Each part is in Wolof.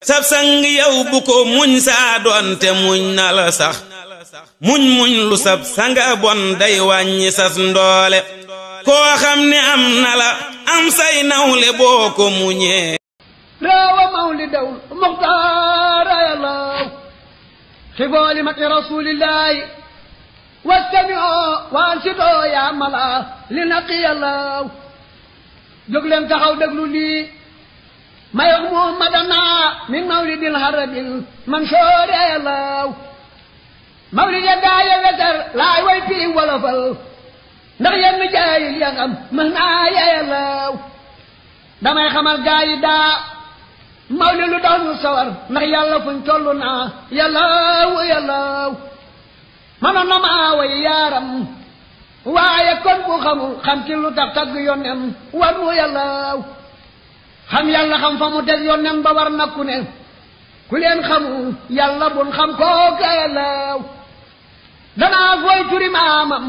sab sang yow ko muñ saa muñ na sax muñ muñ lu sab sanga bon sas ndoole koo xam ne am na la nawle boo ko muñee raawa mawlidawul muxtaara yàllaw xibooli mati rasuulillaahi wastamioo wansitoo yaa mala li naqi yàllaw jóg leen taxaw déglu lii ma yog muhammadana min mawlidil harabil mansoor yalaw mawlida daaya wetar laay way pii wolofal ndax yenn jaayil ya ngam mën naa yalaw damay xamal gaa yi daa mawli lu doon sawar ndax yàlla fuñ toll naa yalaw yalaw mënoon na maa way yaaram waaye kon bu xamul xam ci lu tax tagg yonem war mu yalaw xam yàlla xam fa mu teg yonent ba war ku ne ku leen xamul yàlla bun xam kooka law danaa fooy turi maamam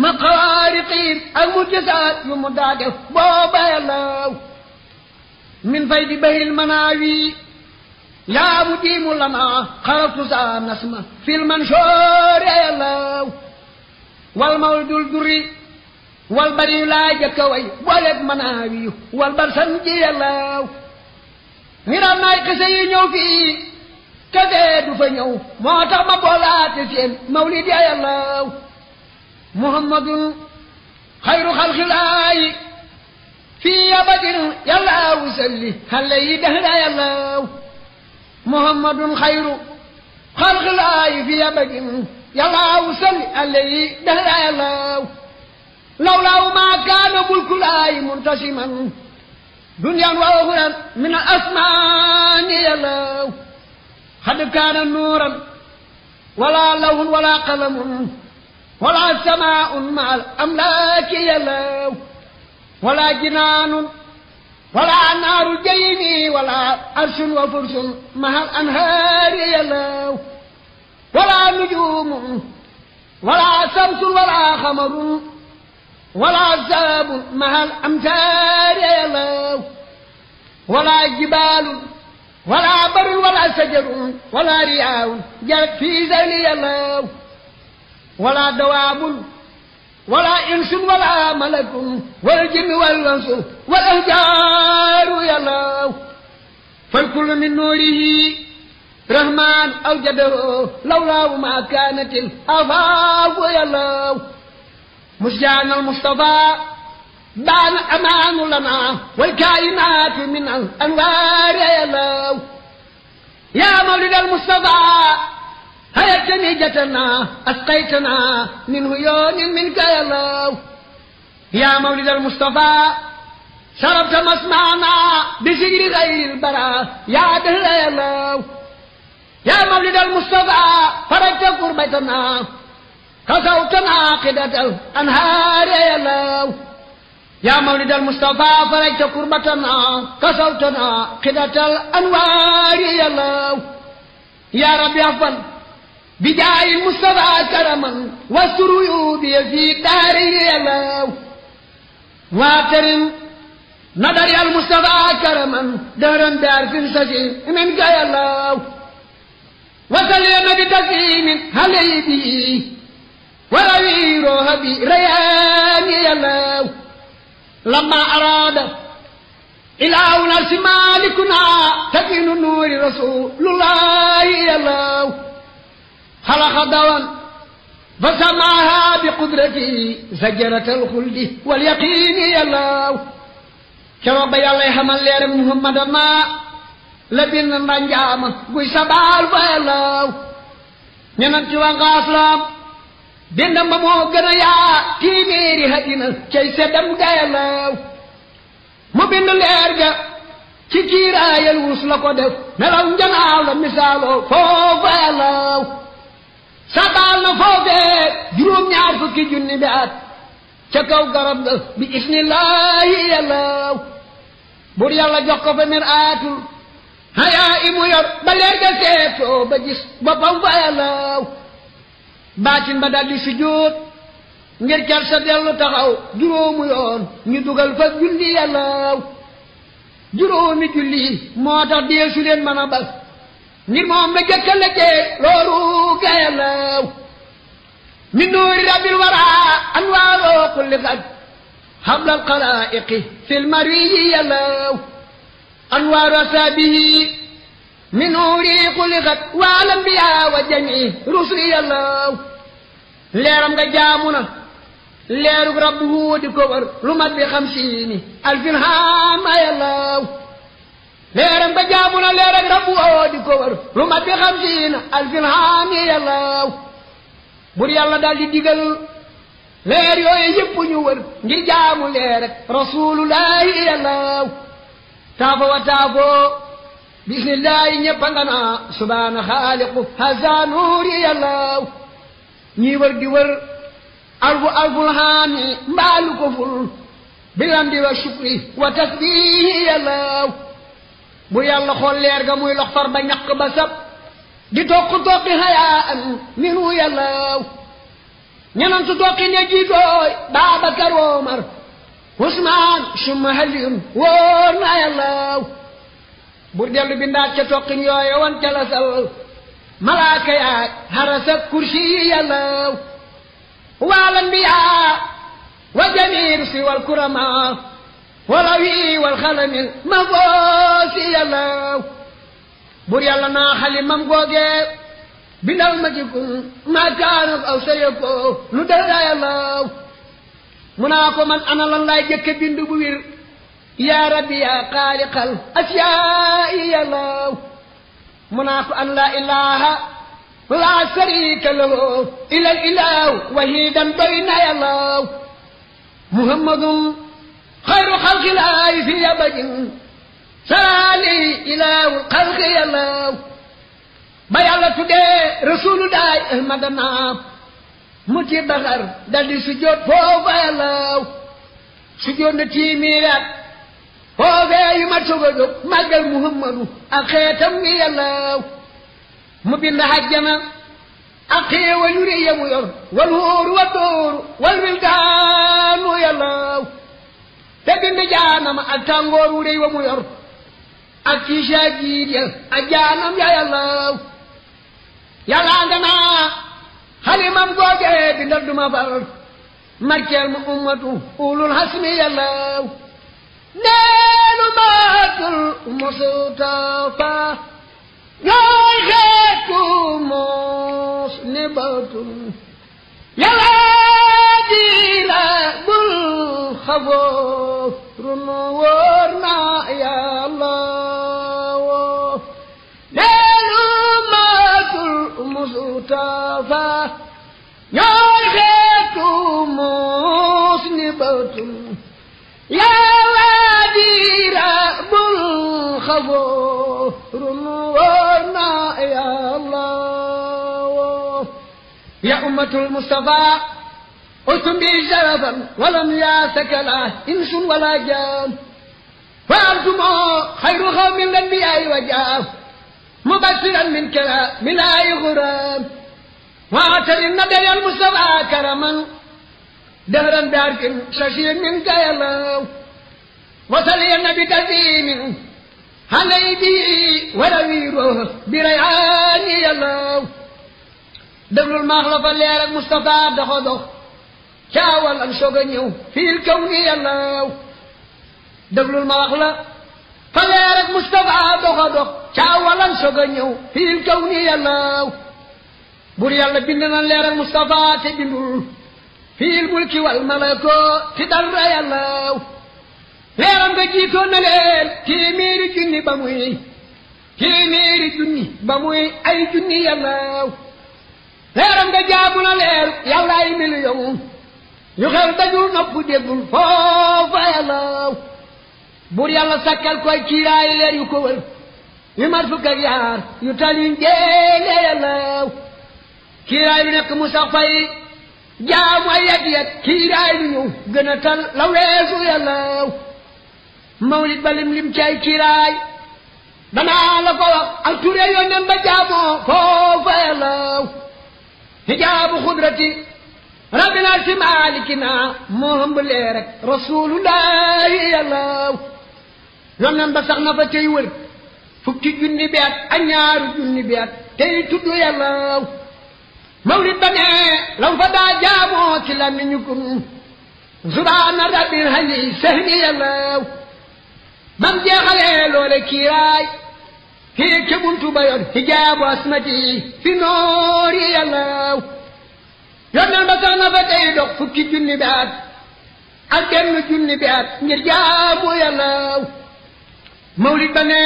ma xawaariqiin ak mu gisaat yu mu daa def booba law min fay di bahril manaawi yaa mu diimu lana xaratu saa nasma fil man shoore law wal mawdul durri wal bari laa jëkk a way booleeg manaawiyu wal bar san ji yàllaaw niral naay xise ñëw fii te du fa ñëw moo tax ma boolaate seen mawlid ya yàllaaw muhammadun xayru xalxilaayi fii abadin yàllaaw salli xale yi dahra yàllaaw muhammadun xayru xalxilaayi fii abadin salli xale yi lawlaaw maa kaana mulku laahi muntasiman duniyaan wa uxuran min al asmaani yàllaw xad kaana nuuran wala lawhun wala qalamun wala samaa'un ma al amlaaki yàllaw wala jinaanun wala naaru jayni wala arshun wa furshun ma al anhaari yàllaw wala nujuumun wala samsun wala xamarun ولا زاب مع الأمتار يا الله ولا جبال ولا بر ولا شجر ولا رياء جرت في ذلي يا الله ولا دواب ولا إنس ولا ملك والجن والأنس والأشجار يا الله فالكل من نوره رحمن أوجده لولاه ما كانت الأفاق يا الله مشجان المصطفى بان أمان لنا والكائنات من الأنوار يلو يا مولد المصطفى هيا تنيجتنا أسقيتنا من هيون منك يلو يا مولد المصطفى شربت مسمعنا بسجر غير البراء يا دهلا يا مولد المصطفى فرجت قربتنا كسوت عاقدة الأنهار يا الله يا مولد المصطفى فرجت كربتنا كسوت عاقدة الأنوار يا الله يا رب أفضل بجاه المصطفى كرما واستر عيوبي في داري يا الله واكرم نظر يا المصطفى كرما دهرا دار في سجين منك يا الله وسلم بتسليم عليه وروي روحي رياني الله لما أراد إلهنا سمالكنا تكين نور رسول الله الله خلق دوان فسماها بقدرته زجرة الخلد واليقين الله كرب يالله حمل لير محمد ما لبن نجام قوي سبال الله ñenanti wa nga aslam bindam ba moo yaa tiiméeri hadina cay seddam gayalaw mu bind leer ci kiiraayal wus la ko def nelaw njanaaw la misaaloo foofa yalaw sabaal na foofee juróom-ñaar fukki junni bi at ca kaw garab ga bi isnillaahi yalaw bur yàlla jox ko fa mir hayaa imu yor ba leer ga seetoo ba gis boppam fa yalaw baatin ba daldi sujjóot ngir cal sa dellu taxaw juróomu yoon ñu dugal fa julli yàllaaw juróomi julli moo tax deesu leen mën a bas ngir moom la jëkka lëggee looru ga yàllaaw min nuuri rabbil waraa anwaaroo kulli xat xablal xalaa'iqi fil marwi yàllaaw anwaaru asaabihi mi nuuri xuliqat wal anbiyaa wa jamii rusuli yàllaw leeram nga jaamu na leerug lu mat bi leeram nga jaamu na leerug rabbu wuudi ko wër lu bi xamsiini alfin haami yàllaw bur yàlla daal di digal leer yooyu yëpp ñu wër ngir jaamu leer rek rasuulullaahi yàllaw taafa wa taafoo bismillaahi ñëpp a nga naa subaana xaaliqu haza nuuri yàllaaw ñii wër di wër argu argulhaami mbaalu ko ful bilamdi wa shukri wa tasbiihi yàllaaw bu yàlla xool leer ga muy lox far ba ñaq ba sab di toq toqi hayaan minu yàllaaw ñenantu toqi ne jiigooy Baabakar Omar Usmaan summa Aliyun wóor na yàllaaw bur dellu bindaat ca toqin yooye wan ca la sal malaaka yaag xarasa kursi yi yàllaw waalan biyaa wa jamir si wal kurama wala wi wal xalamil ma foosi yàllaw bur yàlla naa xalimam googee bindal ma jikun maa kaanu aw sayako lu dara yàllaw mu naa ko man ana lan laay jëkke bind bu wir yaa rabbi yaa xaaliqal asyaai yàllaw mu naa ko an laa ilaha laa sharika lahu ilal ilahu wahidan doy na yàllaw muhammadun xayru xalqi laahi fi abadin saali ilahu xalqi yàllaw ba yàlla tuddee rasulu daay ahmadana mu ci baxar daldi sujjoot foofa yàllaw sujjoot na tiimiiraat foofee yi ma tëgg a jóg màggal muhammadu ak xeetam wi yàllaaw mu bind hajjana ak xéewal yu rëy ya mu yor wal hóoru wa dóoru wal wildaanu yàllaaw te bind jaanama ak tàngoor wu rëy wa mu yor ak ci saajiid ya ak jaanam ya yàllaaw yàllaa nga naa xalimam googee bindal duma far marceel mu ummatu ulul hasmi yàllaaw neenu maakul mustafa ñoo xeeku mos ni batul yàllaa di la bul xaboo runu wóor na yàlla woo neenu maakul mustafa ñoo خبر ونا يا الله يا أمة المصطفى أتم بي شرفا ولم ياسك لا إنس ولا جان فأنتم خير قوم الأنبياء وجاه مبشرا من كلام من آي غرام وآتر النبي المصطفى كرما دهرا بارك ششير من جيلو وسلي النبي تسليم حميدي ولويرو بريعاني يلاو دبل المغلب اللي مصطفى دخدو caawal ak soog a ñëw fii kaw ni la fa leer ak Moustapha dox a dox a ñëw fii kaw ni yàllaaw bur yàlla bind na leer ak Moustapha te bindul fii mulki wal malako ti dara yàllaaw leeram nga jiitoon na leen téeméeri junni ba muy téeméeri junni ba muy ay junni yàllaaw leeram nga jaabu na leer yàllaay miliyon ñu xel dajul nopp déggul foofa yàllaaw buur yàlla leer yu ko yu mar fukk ak yaar yu taliñ jéele yàllaaw kiiraay lu mu sax jaamu ay yet yet kiiraay lu ñu gën a tal la weesu yàllaaw mawlid ba lim lim cay kiraay danaa la ko wax ak ture yónneen ba jaamoo foofa law hijaabu xudrati rabbina si maalikina moo ba sax fa cay wër fukki junni bi at ak junni bi at tey tudd yàllaw mawlid ba ne lam fa daa jaamoo ci lamiñu kun zuraana rabbil hani sehni yàllaw bam jeexalee loole kiiraay fii ca buntu ba yoon hijaabu asmati fi noori yàllaaw yonneen ba tax na fa tey dox fukki junni bi at ak junni bi at ngir jaamu yàllaaw mawlid ba ne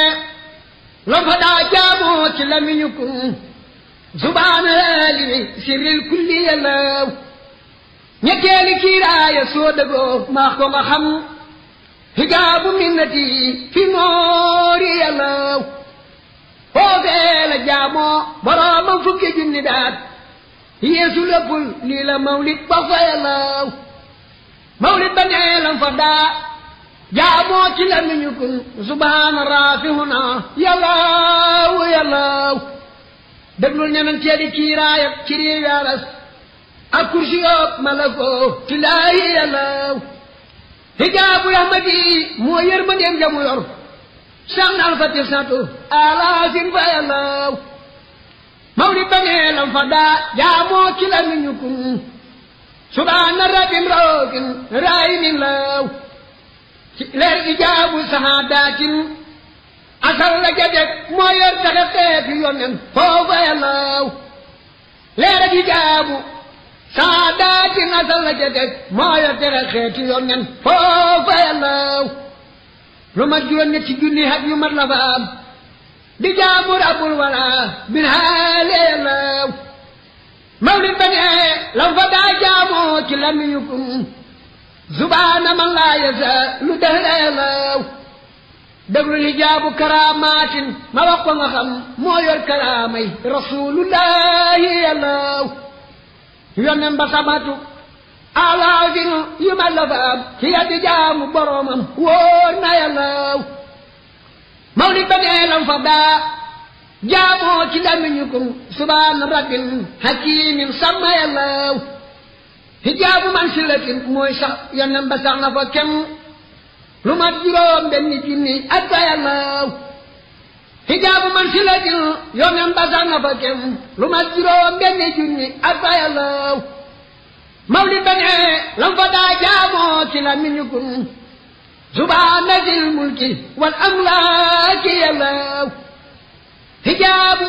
la fa daa jaamu ci lamiñukum subaana li sirril kulli yàllaaw ñetteeli kiiraaya soo dëggoo maax ko nga xam حجاب منتي في نوري الله foofee la jaamoo boroomam fukki junni daat yeesu léppul lii la mawlit ba fayalaw mawlit ba nee lam fa daa jaamoo ci la kun subhaana raafihuna yalaw yalaw déglul ñeneen ceedi kiiraayam ci riir yaaras ak kursi yoob malakoo tilaayi yalaw hijaabu rahmati moo yërmandeem jamu yor sam nal fati satu alaasin fa yàllaw mawri banee lam fa daa jaamoo ki la subhaana rabbim rookin raayimin law ci leer ijaabu sahaadatin asal la jadeg moo yor taxe teefi yonen leer ak ijaabu saadaati nasal la ca teg moo ya tere xeeti yoon foofa yàllaw lu mat juróom ñetti junni hat yu mat la fa am di jaamu rabbul wala min haale yàllaw mawlid ba ne lam fa daa jaamoo ci zubaana man laa yasa lu dëhra yàllaw déglu li jaabu karaamaatin ma wax ko nga xam moo yor karaamay rasulullahi yonen ba sabatu yu ma lafaam ci yaddi jaamu boromam wóor na yàllaaw mawlid ba neelam fa daa jaamoo ci lamiñukum subhaana rabbin hakimin sama yàllaaw hijaabu man silatin mooy sax yonen ba fa kem lu mat juróom benn junni ak fa yàllaaw xijaabu man si la jël yoneen ba sax na fa kenn lu mat juróom benn junni ak fayalaw mawlid ba ne lam fa daa jaamoo ci la minu gun subhaana zil mulki wal amlaaki yalaw xijaabu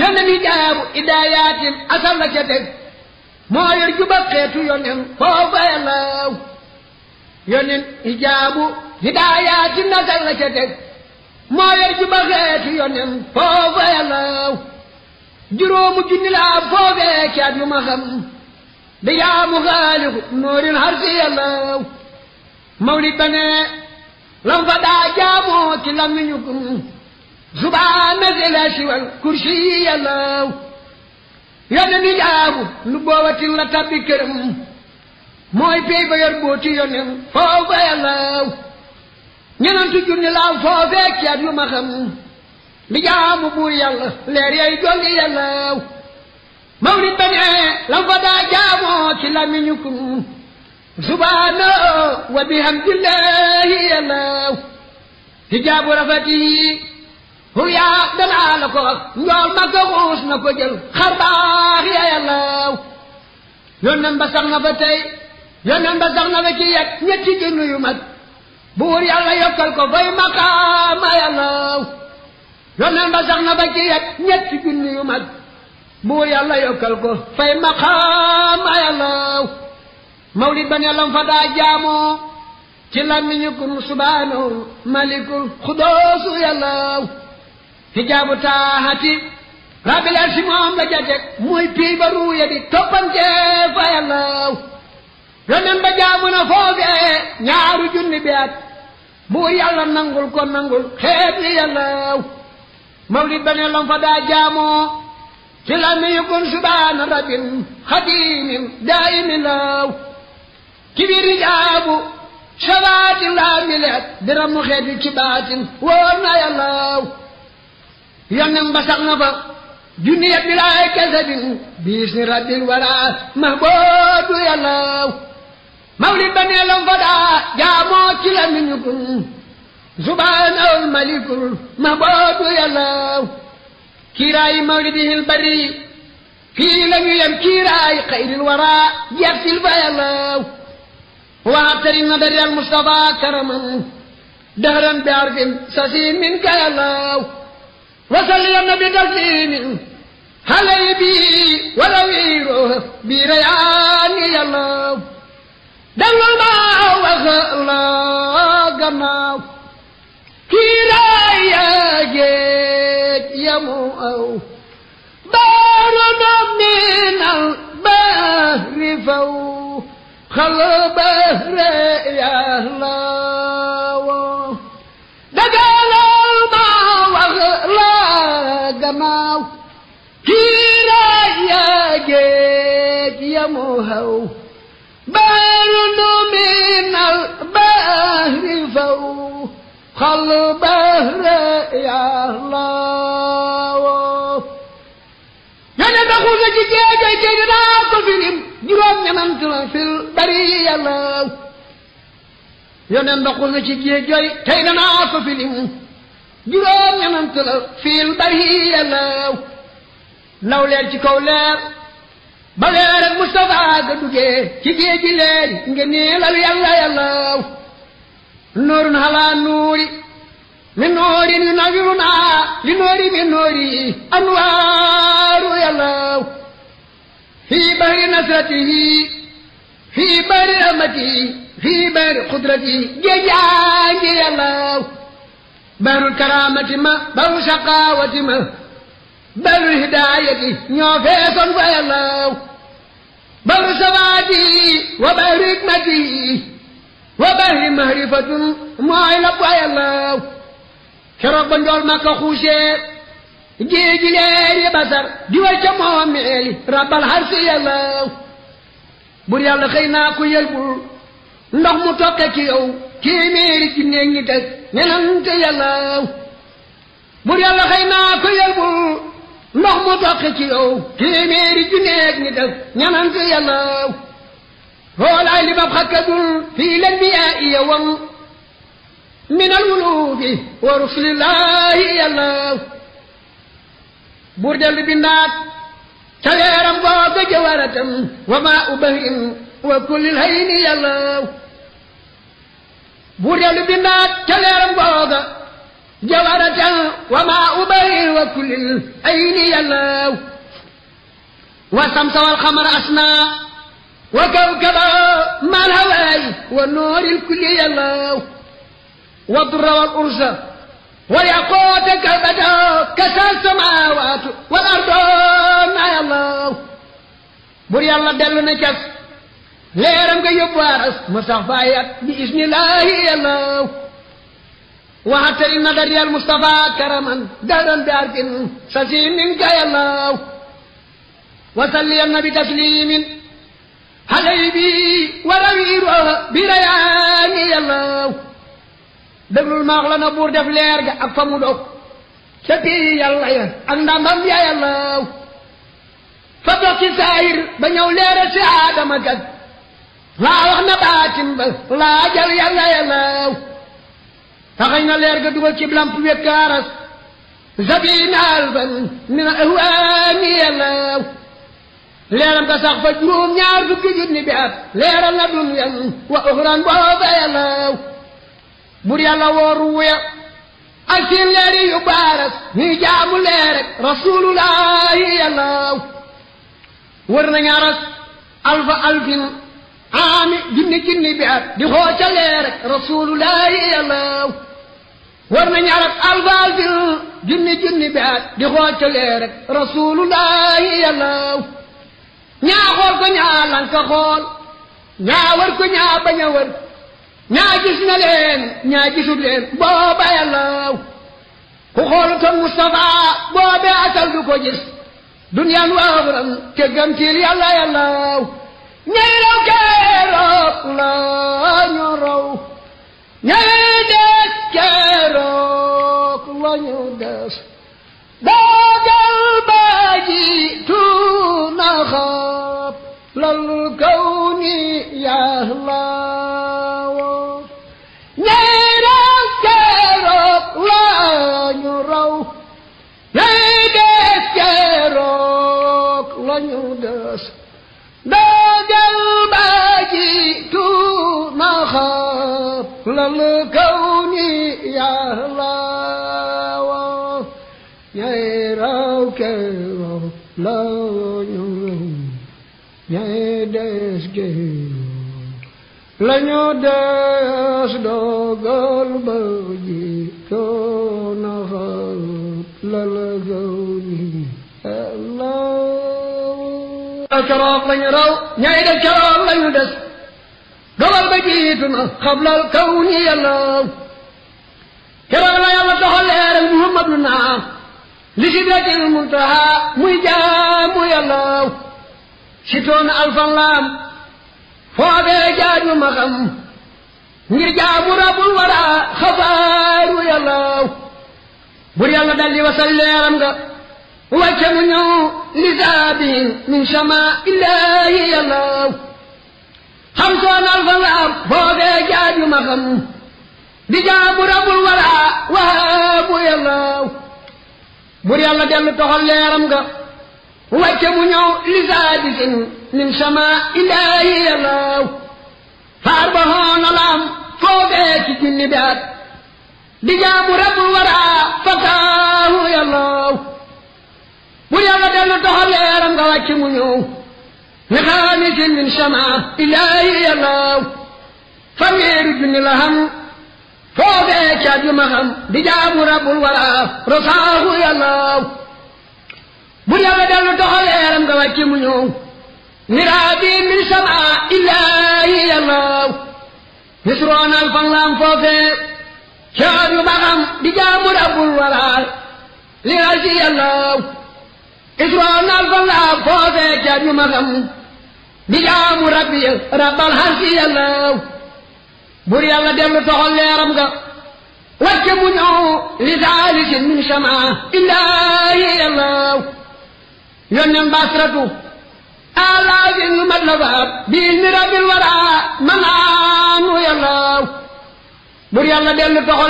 yoneen xijaabu idaayatin asal la ca teg moo yor jubal xeetu yoneen foo fayalaw yoneen xijaabu idaayatin asal la ca teg moo yor ju ba xeeti yonen foofa yàllaw juróomu junni laa foogee caat yu ma xam di yaamu xaaliku noorin har si yàllaw mawlid ba ne lam fa daa jaamoo ci lamiñu gun subaana si la siwal kursi yàllaw yonen yi jaamu nu boobatin la tabbi këram mooy pey ba yor booti ñenantu junni laaw foofeeg ceet yu ma xam di jaamu buur yàlla leer yay jolli yàllaw mawlid ba ne lam fa daa jaamoo ci lamiñukum subhaana wa bihamdillahi yàllaw hijaabu rafati huryaa danaa la ko njool ma ko xuus na ko jël xar baax ya yàllaw yoon nan ba sax na fa tey yoon nan ba sax na fa ci yet ñetti junni yu mag buur yàlla yokkal ko bay maqaama yàllaw yoneen ba sax na ba ci junni yu mag buur yàlla yokkal ko fay maqaama yàllaw mawlid ba ne lam fa daa jaamoo ci làmmiñu kun subhaanahu malikul xudoosu yàllaw hijaabu taahati rabbil arsi moom la jateg muy jaamu na foofee ñaaru junni bi buur yàlla nangul ko nangul xeet wi yàllaaw mawlid ba ne lam fa daa jaamoo ci la miyu kon subaana rabin xadimin daayimin laaw kibiri jaabu sabaatin laa mileet biram mu xeet wi ci baatin wóor na yàllaaw yonnen ba sax na fa junniya bilaay kese bin biis ni rabbil mawlid ba nee lon ko daa jaamoo ci la mi ñu gul subhaanahul malikul ma boobu yàlla kiiraayi mawlidihil bari fii la ñu yem kiiraay xayril waraa jeexsil fa yàlla waatari na dari al Mustafa karaman dahran bi arfin sasin min ka yàlla wasalli ya nabi taslimin xalay bi wala wiiro bi rayaani yàlla delloo baaw waxaloo gannaaw kii daa yaa géej yamu aw baaruna minal bahri faw xal bahre yàllaawoo dagalal baaw waxaloo gannaaw kii daa yaa géej yamu بارد من البحر فوق البحر يا الله يعني دخول جيجي جيجنا كفرهم جرام يمنتنا في البرية الله يعني دخول جيجي جيجنا كفرهم جرام يمنتنا في البرية الله لو لير تكو لير ba weer ak Moustapha ga duggee ci géej gi leeri nga neelal yàlla yàllaw noorun xalaa nuuri min noorin yu nawiru naa li noori min noori anwaaru yàllaw fii bari nasratihi fii bari rahmatihi fii bari xudratihi géej yaa ngi yàllaw barul karaamati ma barul saqaawati ma barul hidaayati ñoo feesoon fa yàllaw بر سوادي وبر حكمتي وبر معرفة معلب يا الله keroog ba njool Makka xuusee géeji leeri basar di way ca moomeeli rabbal harsi yàlla bur yàlla xëy naa ko yëlbul mu toqe ci yow téeméeri jinne ñi teg ñenante yàlla bur yàlla xëy naa ko ndox mu toqi ci yow téeméeri junneeg ni def ñanant yàllaw hoolaay li bab xakkadul fii len biyaa iya wam min al wulufi wa rusulillaahi yàllaw buur dellu bindaat ca leeram boo gëjë waratam wa maa ubahim wa kullil hayni yàllaw buur dellu bindaat ca leeram googa جوارة وما أبي وكل الأين يلو والشمس والقمر أسنى وكوكبا مع الهواء والنور الكل يلو والضر والأرز والياقوت كالبدا كسى السماوات والأرض ما يلو بر يلا دل نكس ليرم كيب وارس مصحفايات بإذن الله يلو وعتر النظري المصطفى كرما دارا بأرض سسيم منك يا الله وسلم بتسليم علي بي وروي بريان يا الله دبل المغلا نبور دف ليرغا اك فامو دوك سبي يلا يا اك ndamam ya الله فبقي ساير با ñew leere ci adama gag la wax na batim ba la jaw yalla yalla taxañ na leer ga dugal ci lamp wekk aras zabina alfan min ahwaani yàllaw leeram ka sax fa juróom ñaar fukki junni bi at leeral na dunyan wa uxran booba yàllaw bur yàlla wooru wuya ak seen leeri yu baaras ñuy jaamu leerek rasulullahi yàllaw wër nañ aras alfa alfin aami junni junni bi at di xoo ca leerek rasulullahi yàllaw war nañu arab albasir junni junni baat di xoocalee rek rasulullahi yàllaw ñaa xool ko ñaa lanka xool ñaa war ko ñaa bañ a war ñaa gis na leen ñaa gisul leen booba yàllaw ku xoolutoon Moustapha boobee asal du ko gis duniyaan waaxuram te gamtiil yàlla yàllaw ñay raw keeroo la ñu raw ña des keroog la ñu des daagal ba ji tuuna xab lal kaw ni yàlla سلم الكون يا الله يا راوك لا يا دسجي لا يدس دوغل بجي كون لا الكون الله أكرم لن يروا نعيد الكرام لا يدس dogal ba jiitu na xablal kaw ni yàlla keroog la yàlla doxal leeral muhammadu naa li sidratil muntaha muy jaamu yàlla si toon alfan laam foofee jaaju ma xam ngir jaamu rabul wara xabaaru yàlla bur yàlla daldi wasal leeram nga wàcce mu ñëw li saabihin min sama illaahi yàlla xam soo nal fa laab foofee jaaju ma xam di jaabu rabul wala waabu yàllaaw bur yàlla dellu toxal leeram nga wàcce mu ñëw li saadisin min sama ilaahi yàllaaw faar ba hoona laam foofee ci junni baat di jaabu rabul wala fasaahu yàllaaw bur yàlla dellu toxal leeram nga wàcce mu ñëw لخالق من سما إلهي الله فغير جن لهم فوقك جمهم بجاب رب الورى رصاه يا الله بلا بدل دخل يرم قوات منيو مرابي من سما إلهي الله يسرون الفنلام فوقك شعر مهم بجاب رب الورى لرزي الله يسرون الفنلام فوقك جمهم di jaamu rabbi rabbal harsi yàllaw leeram nga wàcce bu li daalikin min sama illaahi yàllaw yonnen basratu alaagin mat la baab bii mi rabbil wara man aanu yàllaw bur yàlla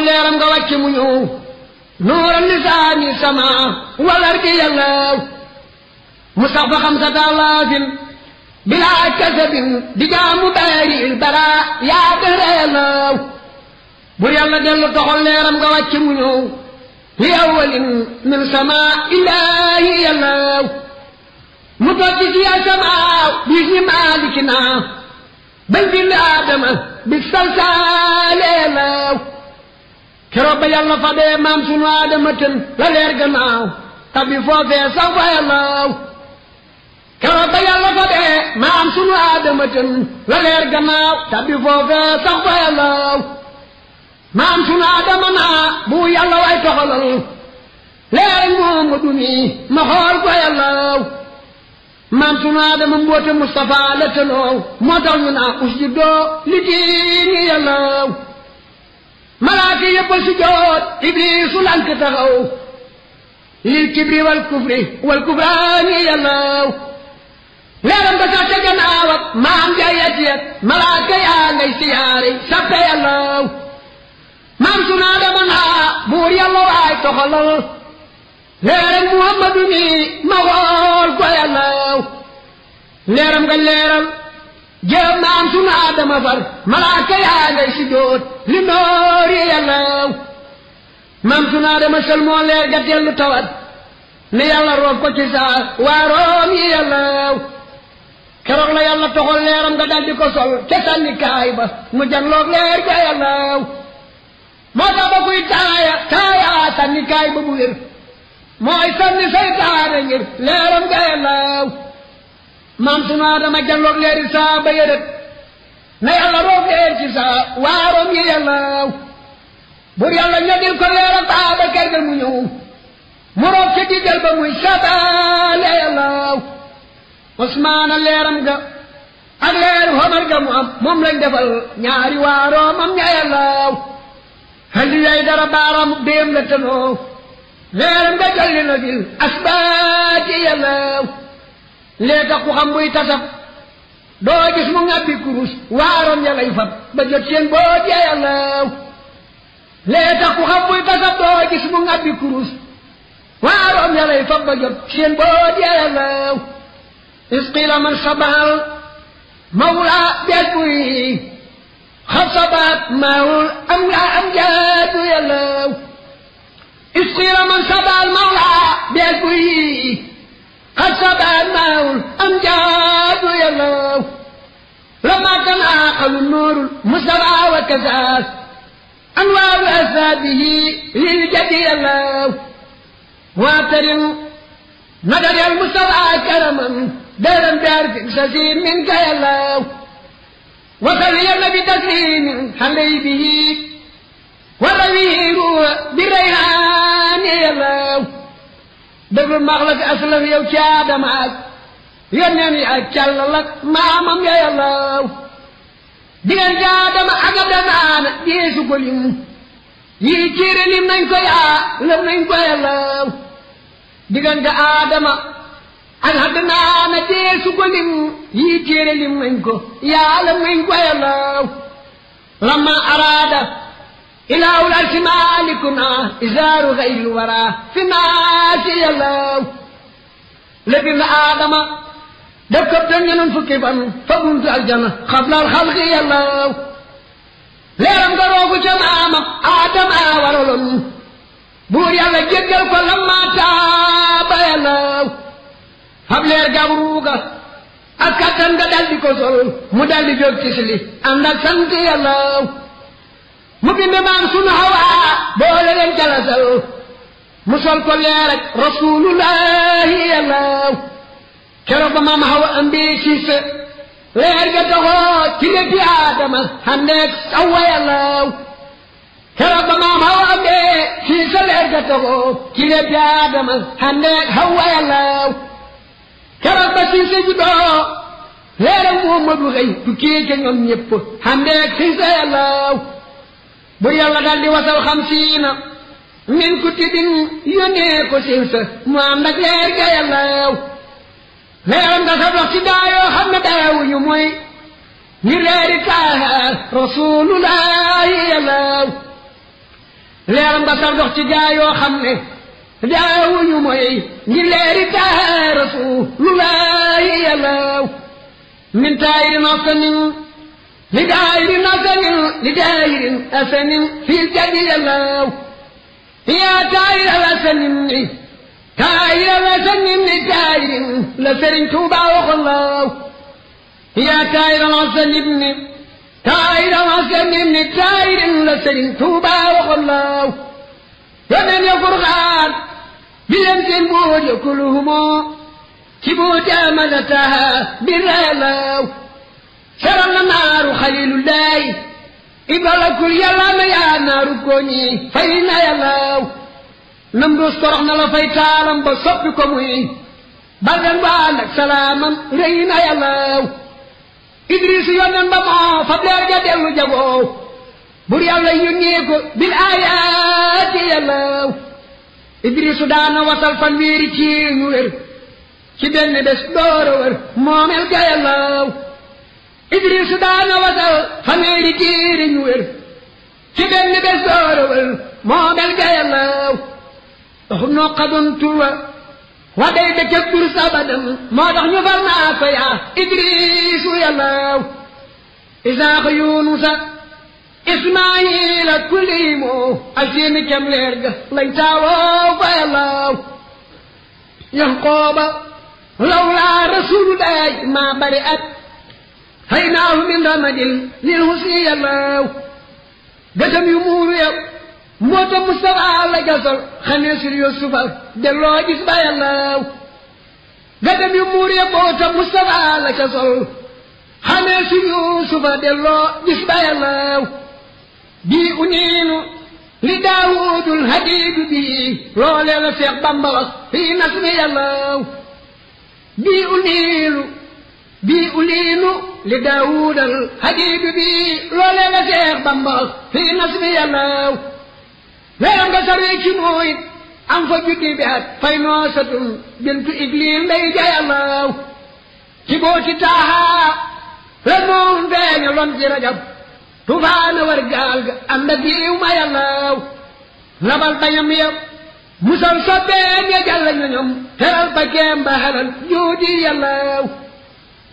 leeram nga wàcce mu ñëw nuuran lisaani sama walarki yàllaw mu sax fa bilaa kasabin di jaamu baaril balaa yaa tëralaaw bur yàlla dellu toxal leeram nga wàcc mu ñëw li awalin min sama ilaahi yàllaaw mu tocc ci ya samaaw bii ñi maaliki naa bañ bind aadama bi salsaalee laaw keroog ba yàlla fa dee maam sunu aadama tën la leer gannaaw tabi foofee saw fa yàllaaw keroog ba yàlla fa dee ma am sunu aadama tën la leer gannaaw tabbi foofe sax ba yàlla ma am sunu aadama naa bu yàlla way toxalal leer moom nga duni ma xool ko yàlla ma am sunu aadama mboote Moustapha la tëloo moo tax ñu naa us juddoo liggéey ni yàlla malaaka yëpp a sujjoot Iblis su lank taxaw lil kibri wal kufri wal kufraani yàlla leeram ba sax ca gannaaw ak maam ja yet yet malaaka yaa ngay siyaare sappe yàllaw maam su naa dama naa buur yàlla waay toxalal leeram muhammadu mi ma xool ko yàllaw leeram nga leeral jëm maam su naa dama far malaaka yaa ngay si dóot li noori yàllaw maam su naa dama sël moo leer ga dellu tawat ni yàlla roob ko ci saa waa room yi yàllaw keroog la yàlla toxal leeram nga daldi ko sol ca sànni kaay mu janloog leer ga yàlla moo tax ba kuy taaya taayaa sànni kaay ba bu wér mooy sànni seytaane ngir leeram ga yàlla maam sunu Aadama janloog leeri saa ba yëdët na yàlla roog leer ci saa waaroom yi yàlla bur yàlla ñodil ko leeram taa ba kër mu ñëw mu roog ca diggal ba muy sataale yàlla Ousmane leeram ga ak leeru Omar ga mu am moom lañ defal ñaari waaroo mam ñayallaaw xali yay dara baaraam déem la tanoo leeram nga jalli na fil asbaati yallaaw lee tax ku xam buy tasab doo gis mu ŋàbbi ku xam buy tasab doo gis mu ŋàbbi kurus waaroom ya lay fab ba jot seen boot ya yallaaw اسقيل من صبر مولى بيدوي خصبت مول أم لا أمجاد يلو اسقيل من صبر مولى بيدوي خصبت مول أمجاد يلو لما كان آخر النور مصرع وكزاز أنوار أسابه للجدي الله واتر ندر المصرع كرما دائما بعرفك سلسيل منك يا الله وسلينا بتسليم حلي به ورويه بالريحان يا الله دبل مغلق أسلف يو شاد معك ينني أجل لك ما مم يا الله دين شاد معك دمانا يسو كلهم يجير لمنك يا لمنك يا الله دين آدم alhamdulilah na tee su ko lim yii téere lim nañ ko yàlla nañ ko yàlla lama araada ilaawul arsi isaaru xayril wara fi naasi yàlla lépp na aadama def ko tan ñeneen fukki fa buntu aljana xablal xalqi yàlla leeram nga roogu ca maamam aadama waraloon buur yàlla jéggal ko lama taaba yàlla ab leer ga ruuga ak kattan nga daldi ko sol mu daldi jóg tisli ànd ak sant yàlla mu bind maam sunu Hawaa boole leen jalasal mu sol ko leer ak rasuulullaahi yàlla keroog ba ambee siis leer ga doxoo ci léegi Aadama xandeeg Awa keroog ba siise juddoo leeram Muhammadu xëy tukkee ca ñoom ñëpp xam ndeeg siise yàllaaw bur yàlla daal di wasal xam siina min ku tibin yónnee ko siise mu ànd ak leer ga yàllaaw leeram nga sa dox ci daayoo xam ne daawuñu mooy ñi leeri taaxaar rasulullahi yàllaaw leeram nga sa ci daayoo xam ne daawuñu mooy ngir leeri taa rasulullahi yàllaw min taayirin asanin li daayirin asanin li daayirin asanin fii jadi yàllaw yaa taayiral asanin ni taayiral asanin ni taayirin la Sëriñ Tuubaa waxoon laaw yaa taayiral asanin ni taayiral asanin ni taayirin la Sëriñ Tuubaa waxoon laaw بلمس البود كلهما كبوت أمدتها بالرلاو شرنا نار خليل الله إبرا كل يلا يا نار كوني فإن يلاو نمرس كرحنا لفاي تالم بصبكم بلن بالك سلاما رينا يلاو إدريس يونن بما فبلر جدل جبو بريا الله ينيكو بالآيات يلاو idrisu daana wasal fanweeri tiir ñu wér ci benn bés dooro wër moomel gayalaaw idrisu daana wasal fanweeri tiir ñu wér ci benn bés dooro wër moomel gayalaaw waxum noo xadun turwa wa day dëcëg dur sabadan moo tax ñu far naa ko yaa idrisu yalaaw isaaxa yunusa ismaila kulimu ak seeni kem leer ga lañ taawoo fa yàllaw yanqooba lawlaa rasulullahi maa bari at haynaahu min ramadin lil husi yàllaw gëtam yu muuru yow mustafa la gasol xamee sur yusufal delloo gis ba yàllaw gëtam yu muuru mustafa la gasol xamee sur yusufa delloo gis ba yàllaw bii uniinu li daawudul hadiidu bii loolee la Seex Bamba wax fii nasmi yàllaw bii uniinu bii uniinu li daawudal hadiidu bii loolee la Seex Bamba wax fii nasmi yàllaw leer nga sori ci mooy am fa bi at fay noosatun bintu ibliil ci booti taaha la noon beeña lon ci rajab tufaana war gaal ga ànd ak yiw ma yàllaaw labal bañam yëpp musal sobbee ña jàll ñoñom teral ba keem ba xelal juudi yàllaaw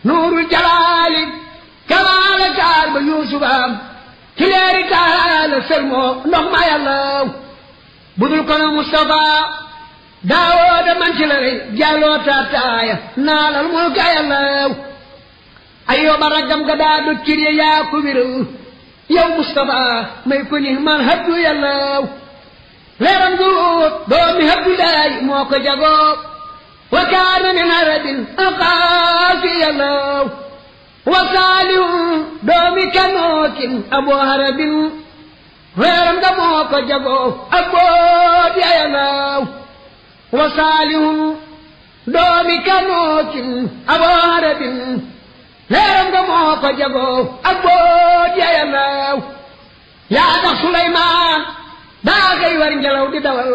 nuurul jalaali kamaala taar ba yuusufaam ci leeri taala sërmoo ndox ma yàllaaw budul kono Mustafa daawooda man ci la rey jàlloo taataaya naalal mulka yàllaaw ayyooba raggam ga daa du cir ye yaa ku yow Moustapha may ko ni man habdu yàllaaw leeram duut doomi habdulaay moo ko jagoo wa kaana min arabin aqaafi yàllaaw wa saalihum doomi kanookin abo harabin leeram nga moo ko jagoo aboodi yàllaaw wa saalihum doomi kanookin abo harabin leeram nga moo ko jagoo ak boot yaya naaw yaa tax Suleymaan daa xëy war ngelaw di dawal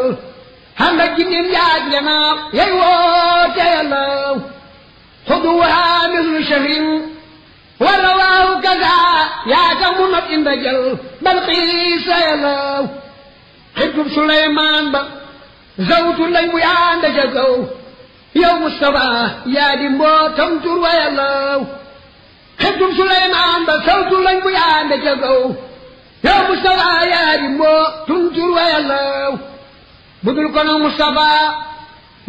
xam nga jinnim yaaj ngenaaw yay woot yaya naaw xuduwaa mislu shahrin wa rawaahu kaza yaa tax mu not bal xiis yaya naaw xibtub Suleymaan ba zawtu lañ bu yaa nda ca kaw yow Mustafa yaa di mbootam tur waya naaw xejum Suleymaan ba sawtu lañ bu yaande ca kaw yow Mustafa yaari moo tuntur wayalaw budul kono Mustafa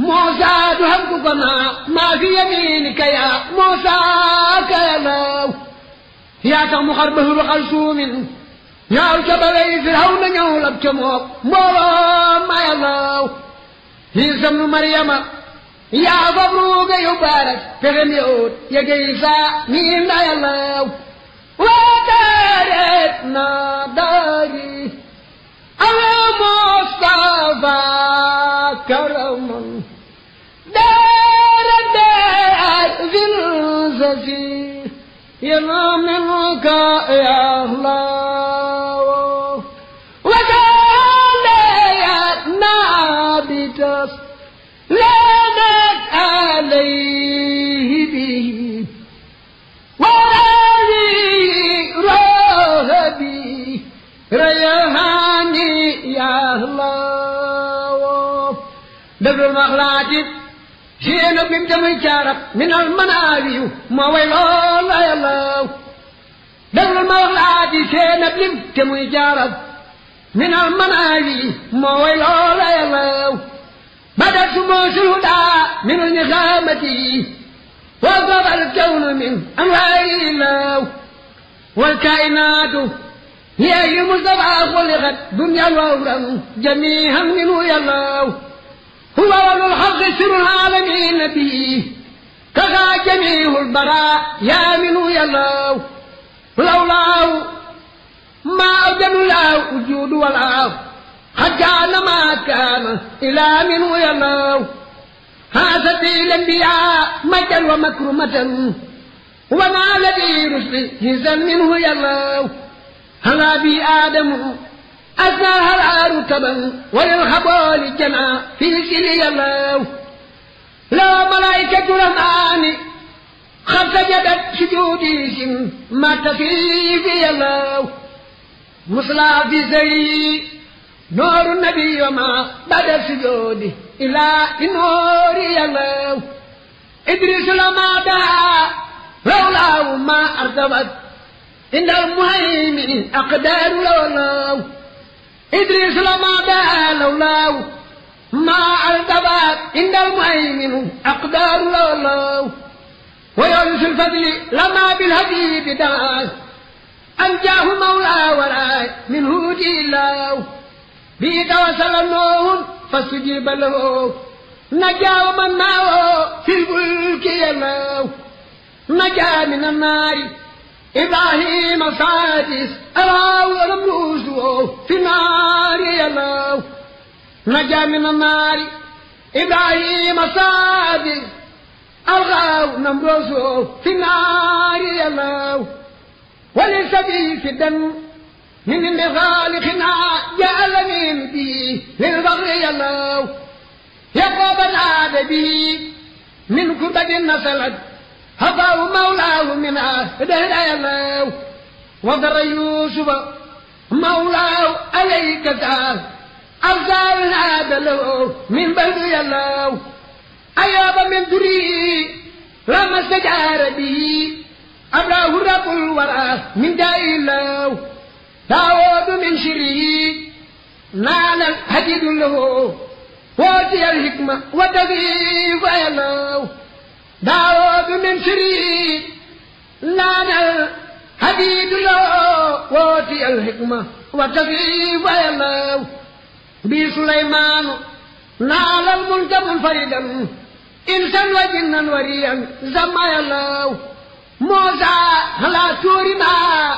Muusa du xam ku ko naa maa fi yamiini kaya Muusa kayalaw yaa tax mu xar bahru xal suumin ñaaw ca ba wey Firawna ñëw lab ca mook mbooloo mayalaw Iisa nu Maryama yaa gobruugayu baaras pexem yowut yegey saa mi ndayalaw waa daareet na daari ala mustafa karaman daara daar vilzafi yana minka ya allah dëblul maxlaatit siina bim jamuy caarab minal manaawiyu moo way lool la yàllaw dëblul maxlaatit siina bim jamuy caarab minal manaawiyu moo way lool la yàllaw badal sumoosul hudaa minal niqaamati wa gobal kawnu min amwaarillaw wal kaaynaatu hiya yi mustafa xuliqat dunyal wawran jamiihan minu yàllaw هو أول الحق سر العالمين فيه كذا جميع البراء يا منه يلو لولاه ما أوجد الله وجود والعاف قد كان ما كان إلى منه يلو هذا الأنبياء مجل ومكرمة وما الذي رسله منه يلو هلا بي آدم أزناها العار تبا وللخبال جنا في سلي الله لا ملائكة رحمن قد سجدت سجودي سم ما تفي في الله مصلى في زي نور النبي وما بعد السجود إلى نور الله إدريس لما دعا لولاه ما أرتبت إن المهيمن أقدار لولاه إدريس لما دعا لولاه ما القبات عند المؤمن أقدار لولاه ويونس الفضل لما بالهدي بدعاه أنجاه مولاه وراي من هود الله به توسل نوح فاستجيب له نجا ومناه في الفلك يناه نجا من النار إبراهيم الفارس أراه رموزه في النار يلو نجا من النار إبراهيم الصادق ألغاه نمرزه في النار يلو وليس به في الدم من المغالقنا جاء الأمين به للبر يلو يقوب العاد به من كبد نسلت هفاه مولاه منها هدينا يلاه وضر يوسف مولاه عليك تعال أرسال هذا له من بلد يلاه أياب من دري لما استجار به أبراه رب الورى من داء الله داود من شره نال الهجد له وأتي الحكمة وتغيب يلاه داود من سري لان الحديد له واتي الحكمة وتغيب ويلو بسليمان نال الملك منفردا إنسان وجنا وريا زما يلو موسى على تور ما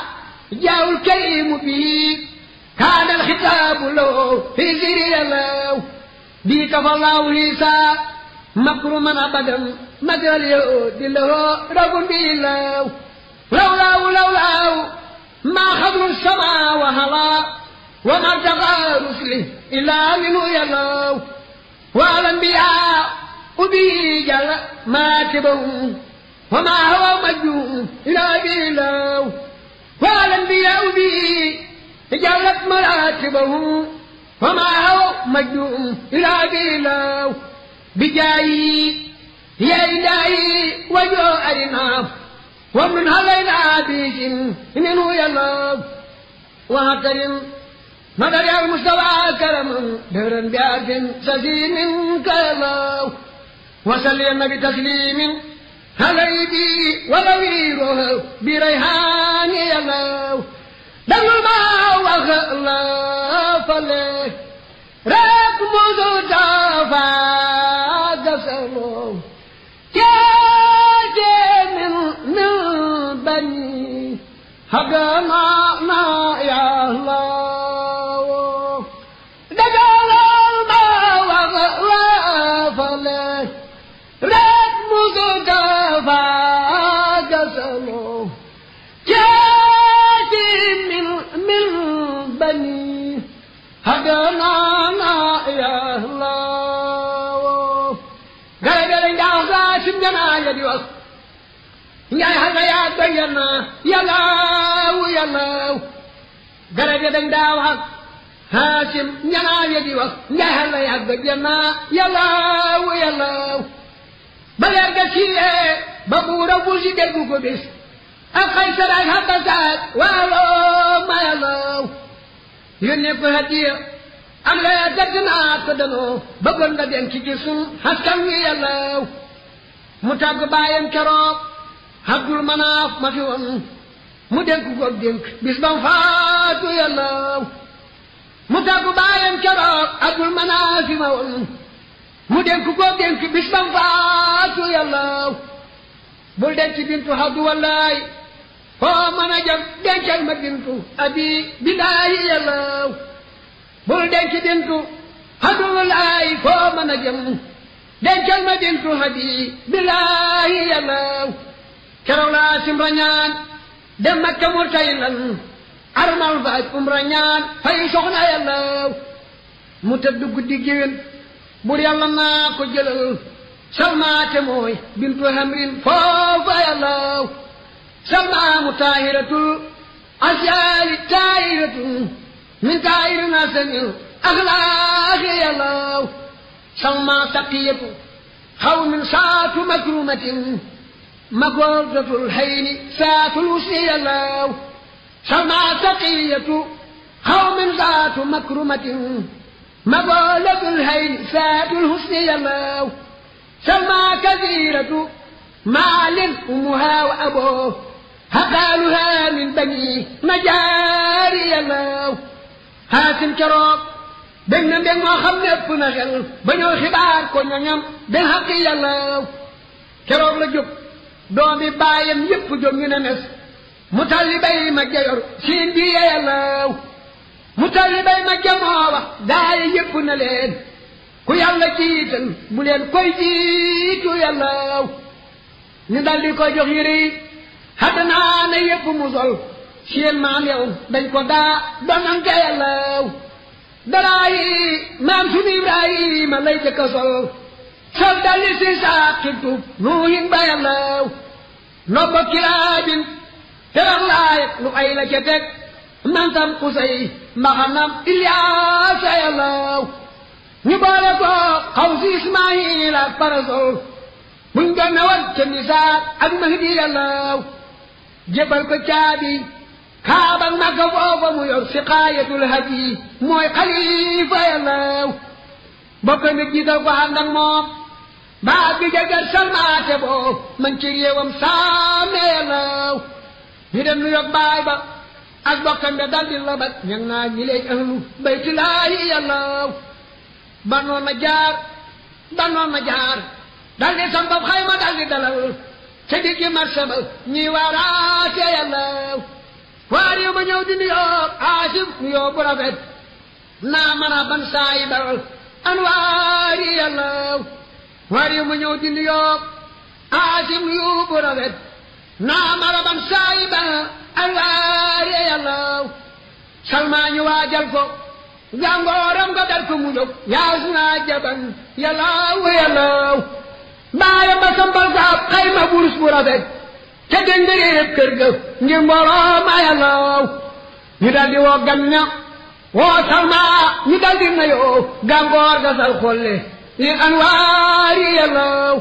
جاء الكريم به كان الخطاب له في زير يلو بك فالله رسال مكر من أبدا مكر اليهود له رب الله لولا لولا ما خبر السماء وهلا وما ارتقى رسله إلا منه يلو والأنبياء أبي جل ما تبوا وما هو مجنون إلا بالله والأنبياء أبي جلت مراتبه وما هو مجنون إلا بالله بجاي يداي وجو أرنا ومن علينا بيش منه يلاب وهكذا مدر يا المستوى كرم دورا بأرض سزين كلاب وسلم بتسليم هليدي ولويره بريحان يلاب دم ما وخلاف له ركب زدافا هجمعنا يا الله دجال الماء وغلاف له رد مزقفا قسمه جاتي من من بني هجمعنا يا الله غير غير غير غير غير غير غير nga yàlla yaa doy yàlla yàllaaw yàllaaw garab yi dañ Haasim ñanaa ya di wax nga yàlla yaa doy yàlla yàllaaw yàllaaw ba leer ga siiyee ba buur a wul si déggu ko bis ak Qaysar ak Habasar waaloo ma am la dëgg naa ko danoo bëggoon nga dem ci gisum xaskan wi mu tàgg bàyyam keroog Abdul Manaaf ma fi woon mu dénk ko dénk bis ba mu faatu yàlla mu tàggu baayam keroog Abdul Manaaf ma woon mu dénk ko dénk bis ba mu faatu yàlla bul denc bintu Abdu wallaay foo mën a jëm dencal ma bintu abi bintu Abdu wallaay foo mën keroog laa simra ñaan armal ba aj fay soxna yàlla mu tëdd guddi géwén bur yàlla naa ko bintu hamrin foofa yàlla salmaamu taahiratul asyaali taahiratul min taahirin asanil axlaaxi yàlla salmaa saqiyatu xawmin saatu makrumatin مقوزة الحين ساة الوسي الله سما سقية قوم ذات مكرمة مقولة الحين ساة الوسي الله سما كثيرة مال أمها وأبوه هقالها من بني مجاري الله هاتم كروب dégg na mbég moo xam ne ëpp na xel ba ñoo xibaar ko ñoñam bi xaqi yàlla keroog la jóg doomi baayam yépp jóg ñu ne mes mu talli bay ma jayor siin bi yeeyalaw mu talli bay ma jamoo wax daaya yépp na leen ku yàlla jiital bu leen koy jiitu yàllaw ñu dal di ko jox yére yi xadanaa ne yépp mu sol seen maam yow dañ ko daa donante yàllaw daraa yi maam sunu Ibrahima lay jëkka sol فابدل في ساقط نوح بيلاو نوب كلاب ترى لايق لؤي لكتك من تم قصي مغنم إلياس يلاو نبالك قوس إسماعيل فرسول من جنوات كنساء المهدي يلاو jébal ko caabi kaabal màgga foofa mu yor siqaayatul hadi mooy xalifa yàllaaw bokk na jiital ko ànd ak moom maa gi jëgër salmaate boo man ci réewam saameelaw ñu dem nu yog baay ba ak bokkam be dal di labat ñag naa ñi lay ahlu baytilaayi yàllaw banoon na jaar na jaar dal di sam bopp xayma dal di dalal ca diggi marché ba ñuy waaraate yàllaw waa ma ñëw di yoo aasib nu yoo bu rafet naa mën a ban saayi dal anwaari yàllaw war yi mu ñëw dindi yoob aasim yuubu rafet naa maraban saayiban alwaariya yàllaw salmaañu waajal ko gàngooram nga dar ko mu jóg yaasuna jaban yàllaw yàllaw baayam ba sambal ko ab xayma burus bu rafet te dëngëreeb kër ga ngir mbooloom a yàllaw ñu daldi woo gan woo salmaa ñu daldi na yoo gàngoor ga sal min anwaari yàllaw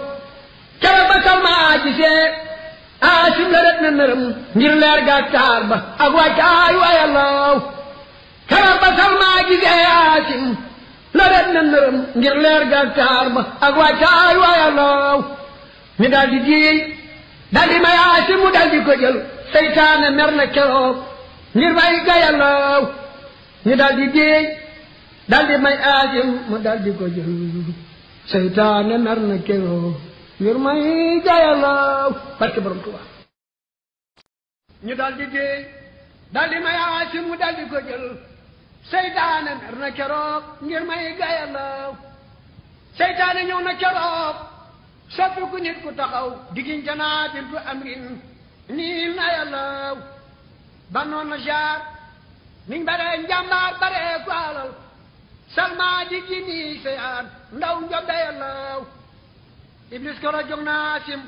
kere ba salmaa gisee aasim la ret na nërëm ngir leer gaag taar ba ak wàccaay wa yàllaw kere ba salmaa gisee aasim la ret na nërëm ngir leer gaag taar ba ak wàccaay wa yàllaw ñu daal di jiy daal di may aasim mu daal di ko jël seytaane mer na may ga yàllaw mu daal di ko seytaane nar na kéro ngir may jayalaw barke borom Tuuba ñu dal di géey dal seytaane nar na keroog ngir may gayalaw seytaane ñëw na keroog soppi ku nit ku taxaw digin janaa bintu amrin nii nayalaw banoon na jaar niñ bare njàmbaar bare ko alal salma di nii seyaan ndaw njobe yallaaw iblis koro jóg naa sim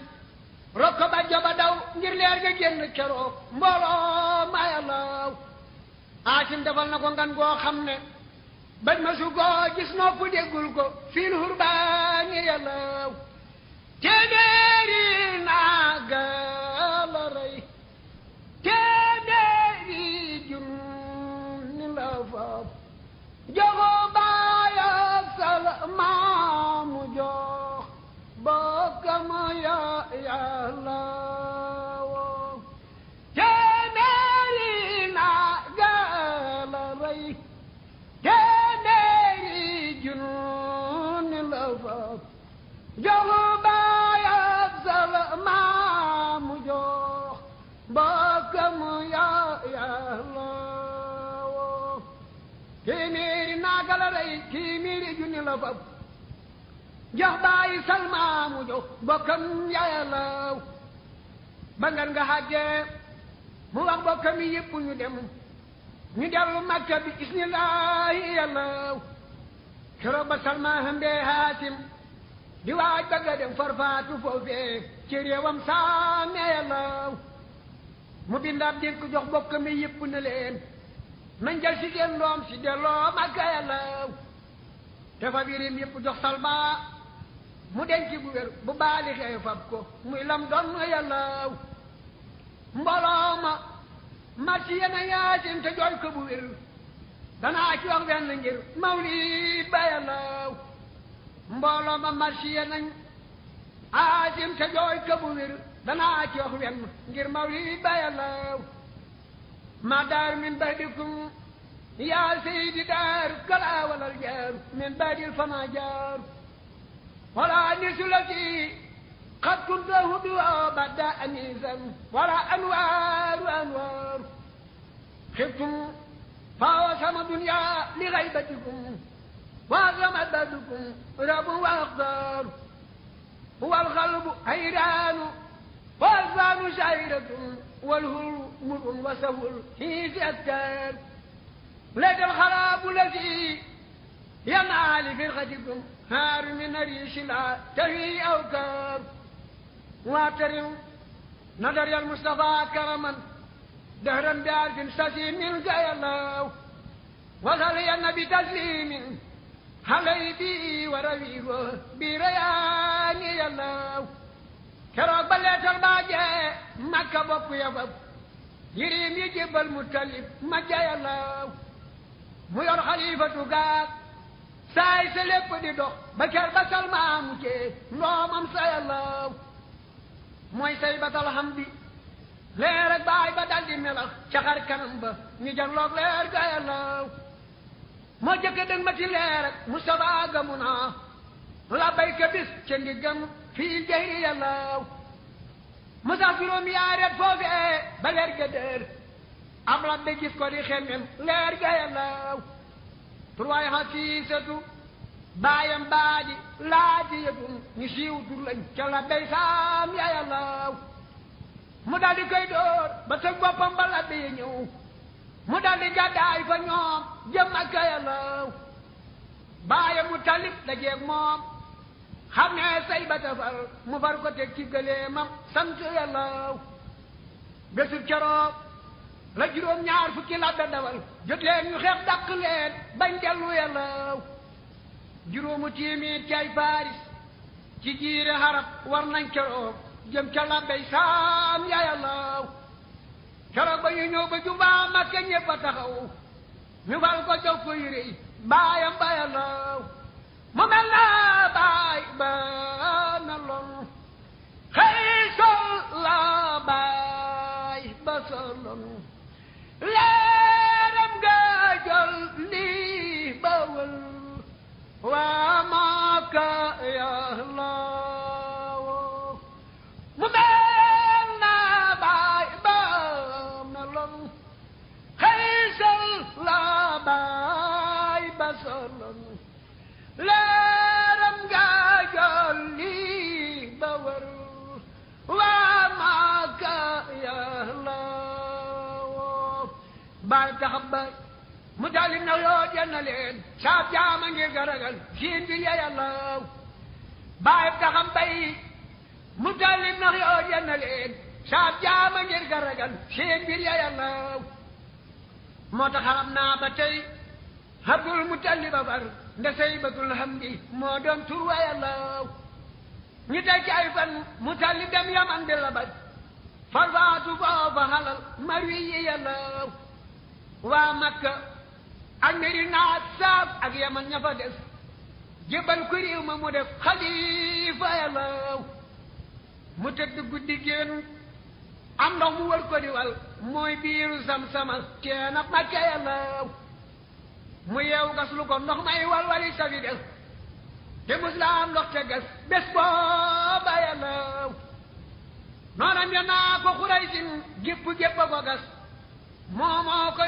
rokko ba joba daw ngir leer ga génn keroog mbooloo ma yallaaw aasim defal na ko goo xam ne bañ ma su goo gis nopp déggul ko fiil hurbaani yallaaw téeméeri naaga la rey junni la faaf sal maamu jox bokkama ya yàlla woo téeméeri naaga la rey téeméeri junni la fa jox baayab sal maamu jox bokkama ya yàlla woo téeméeri naaga la la fab jox bàyyi salmaamu jox bokkam yàllaaw ba ngar nga xàjjee mu wax bokkam yi yëpp ñu dem ñu dellu makka bi isnilaahi yàllaaw keroog ba salmaa hambee haatim di waaj bëgg a dem farfaatu foofee ci réewam saame yàllaaw mu bindaat dénk jox bokkam yi yëpp na leen nañ jël si seen doom si delloo makka yàllaaw te fa birim yëpp jox salbaa mu denc bu wér bu baalixee fab ko muy lam doon na yàllaaw mbooloo ma marsi yena yaasin te jooy ko bu wér danaa ci wax wenn ngir mawlid ba yàllaaw mbooloo ma marsi yenañ aasim te jooy ko bu wér danaa ci wax wenn ngir mawlid ba yàllaaw ma daar min baydikum yaa seydi daaru kalaa walal jaaru min baadil fama jaaru wala nisulati qad kuntahu bi wa badda anisan wala anwaaru anwaaru xibtum faawa sama dunya li gaybatikum wa sama badukum rabu wa aqdaaru huwa alxalbu hayraanu wa alfaanu shairatum walhuru murun wa sawul xiisi aktaaru لدى الخراب الذي ينعى فرقتكم هار من ريش لا تهي أو كاب واعترم نظر المصطفى كرما دهرا بعرف سسيم جاي الله وصلينا بتسليم علي بي ورويه برياني الله keroog ba leetal baa jee makka bopp ya bopp yirim yi jébbal mu talib ma jayalaw mu yor xalifatu gaag saay sa lépp di dox ba ker ba salmaa mu cee ndoomam sa yàlla mooy say batal xam di leer ba dal ca xar kanam ba ñu janloog leer ga yàlla moo jëkk dëg ma ci leer ak mu sabaaga mu naa la bayka bis ca ndiggam fii jëri yàlla mu sax juróom yaaret foofee ba leer ga ab rabbi gis ko di xemmem leer ga yàllaaw tur waay xafiisatu baayam baaji laajiyatun ñu siiw tur lañ ca la bay saam ya yàllaaw mu daldi koy dóor ba sëg boppam ba labbi yi ñëw mu daldi gàddaay fa ñoom jëm ak yàllaaw baayam mu talib la jeeg moom xam ne say ba tafar mu far ko teg ci gëleemam sant yàllaaw bésu keroog la juróom ñaar fukki labbe dawal jot leen ñu xeex dàq leen bañ ci jiire xarab war nañ keroog jëm ca saam ya yàllaaw keroog ba ñu ñëw ba jubaa Makka ñëpp a ñu fal ko jox ko yére yi baayam ba mu mel na baay ba na loon xëy sol la baay ba solon leeram ga jol lii bawal waa maaka yaa laawo mu mel na baay baam na lon xëysal la baay basaloon baara taxab baay mu dalli na yoo jenna leen saa jaama ngir garagal siin bi ya yàllaw baay taxab bay mu dalli na yoo jenna leen saa jaama ngir garagal siin bi ya yàllaw moo tax xaram naa ba tey habdul mu talli ba bar nda sey batul hamdi moo doon tur wa yàllaw ñu tey ci ay fan mu talli dem yaman bi la baj farfaatu foofa xalal mar wi yi yàllaw waa Makka ak Medina saaf ak Yaman ña fa des jébal ko réew ma mu def xalifa yàllaw mu tëdd guddi génn am ndox mu wër ko di wal mooy biiru sam-sama teen ab Makka yàllaw mu yeew gas lu ko ndox may wal wali safi des te mus la am ndox te gas bés booba yàllaw noonam ya naa ko xuraysin gépp gépp gas moomoo ko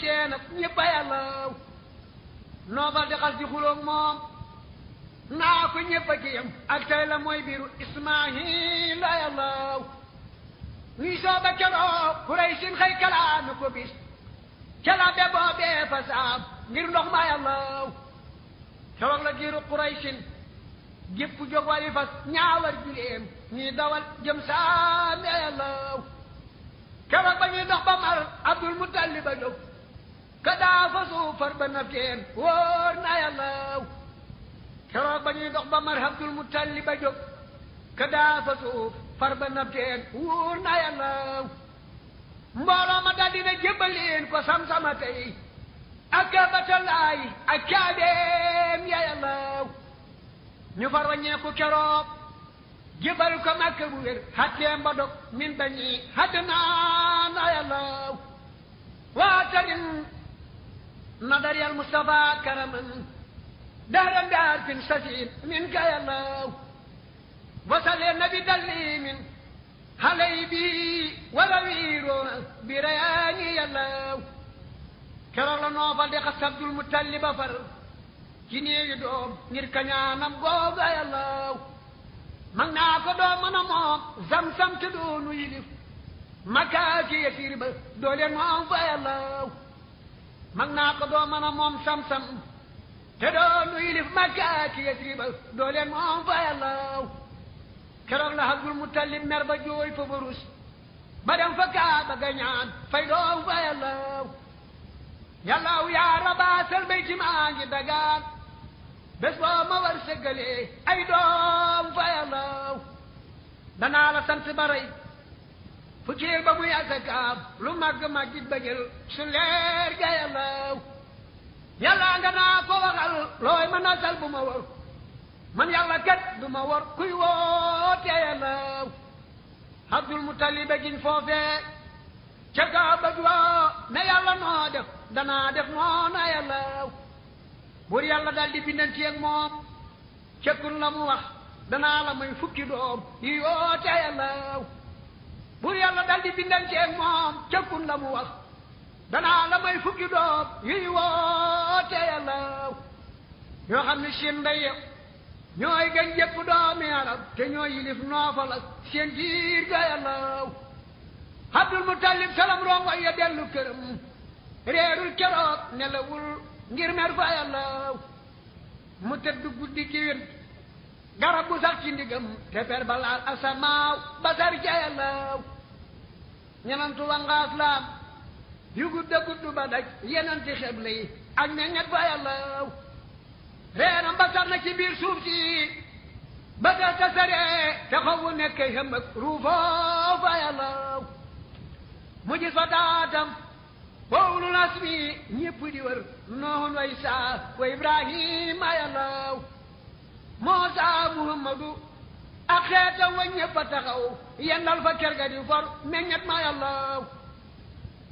teena ñëpp a yàllaaw noobal di di xuloog moom naa ko ñëpp a kiyam mooy biiru ismaahil a yàllaaw sooba keroog xuray sin xëy bis calabe boobee fa saab ngir ndox ma yàllaaw keroog la giiru xuray sin gépp jóg wari fas ñaawar dawal jëm saam a abdul muttalib a jóg ka daa fa suufar ba nafteen wóor na yàllaaw keroog ba ñuy ba mar abdul muttalib a jóg ka daa ba nafteen wóor na yàllaaw mbooloo ma dal dina jébbaleen ak batalaay ak caabeem ñu far waññeeku keroog jébal ko màkk bu wér ba dog min bañi haddnaan ayalaw واعتقم نظر يا المصطفى كرما دهرا بعرف سجيد منك يا الله وصل النبي دلي من حليبي ورويرنا برياني يا الله keroog la noobal di xas Abdul Mutalib ba far ci néegi doom ngir kañaanam googa yàlla mag naa ko doom mën a moom sam-sam te doonu yilif makkaa ki yatiir ba dooleen moo am fa yàllaw mag naa ko doo mën a moom sam te doo nu yilif makkaa ki yatiir ba dooleen moo am fa yàllaw keroog la Abdul Muttalib mer ba jooy fa barus ba dem fa kaa gañaan fay doo fa yàllaw yàllaw yaa rabaatal bay ci dagaan bés boo ma war sëggalee ay doom fa yàllaw danaa la sant ba fukkeel ba muy asakaam lu màgg màggit ba jël su leer ga yàllaaw yàlla nga naa ko looy mën a bu ma war man yàlla kat du ma war kuy woote yàllaaw abdul mutaliba gin foofee ca kaaba wa ne yàlla noo def danaa def noona yàllaaw buur yàlla daal di bindanti ak moom ca kun la mu wax danaa la may fukki doom yi woote yàllaaw buur yàlla dal di bindanteeg moom cëkkun la mu wax danaa la may fukki doom yuy woote yàlla ñoo xam ne seen day ñooy gën jëpp doomi arab te ñoo yilif noofal ak seen diir ga yàlla Abdul Muttalib salam rongo ya dellu këram réerul keroog nelawul ngir mer fa yàlla mu tëdd guddi ki wén garab bu sax ci ndigam te per ba laal asamaaw ba sar ca ñenantu wangaas laam yu gudd a gudd ba daj yenanti xeble yi ak meññet ba yàllaw reenam ba sar na ci suuf si ba da tasaree te xaw wu nekk xam ak ruufoo fa yàllaw mu gis fa daatam bowlu nas mi ñëpp di wër noon way saa wa ibrahima yàllaw moosa muhammadu ak xeeta wa ñëpp a taxaw yendal fa kër ga di for meññet ma yàlla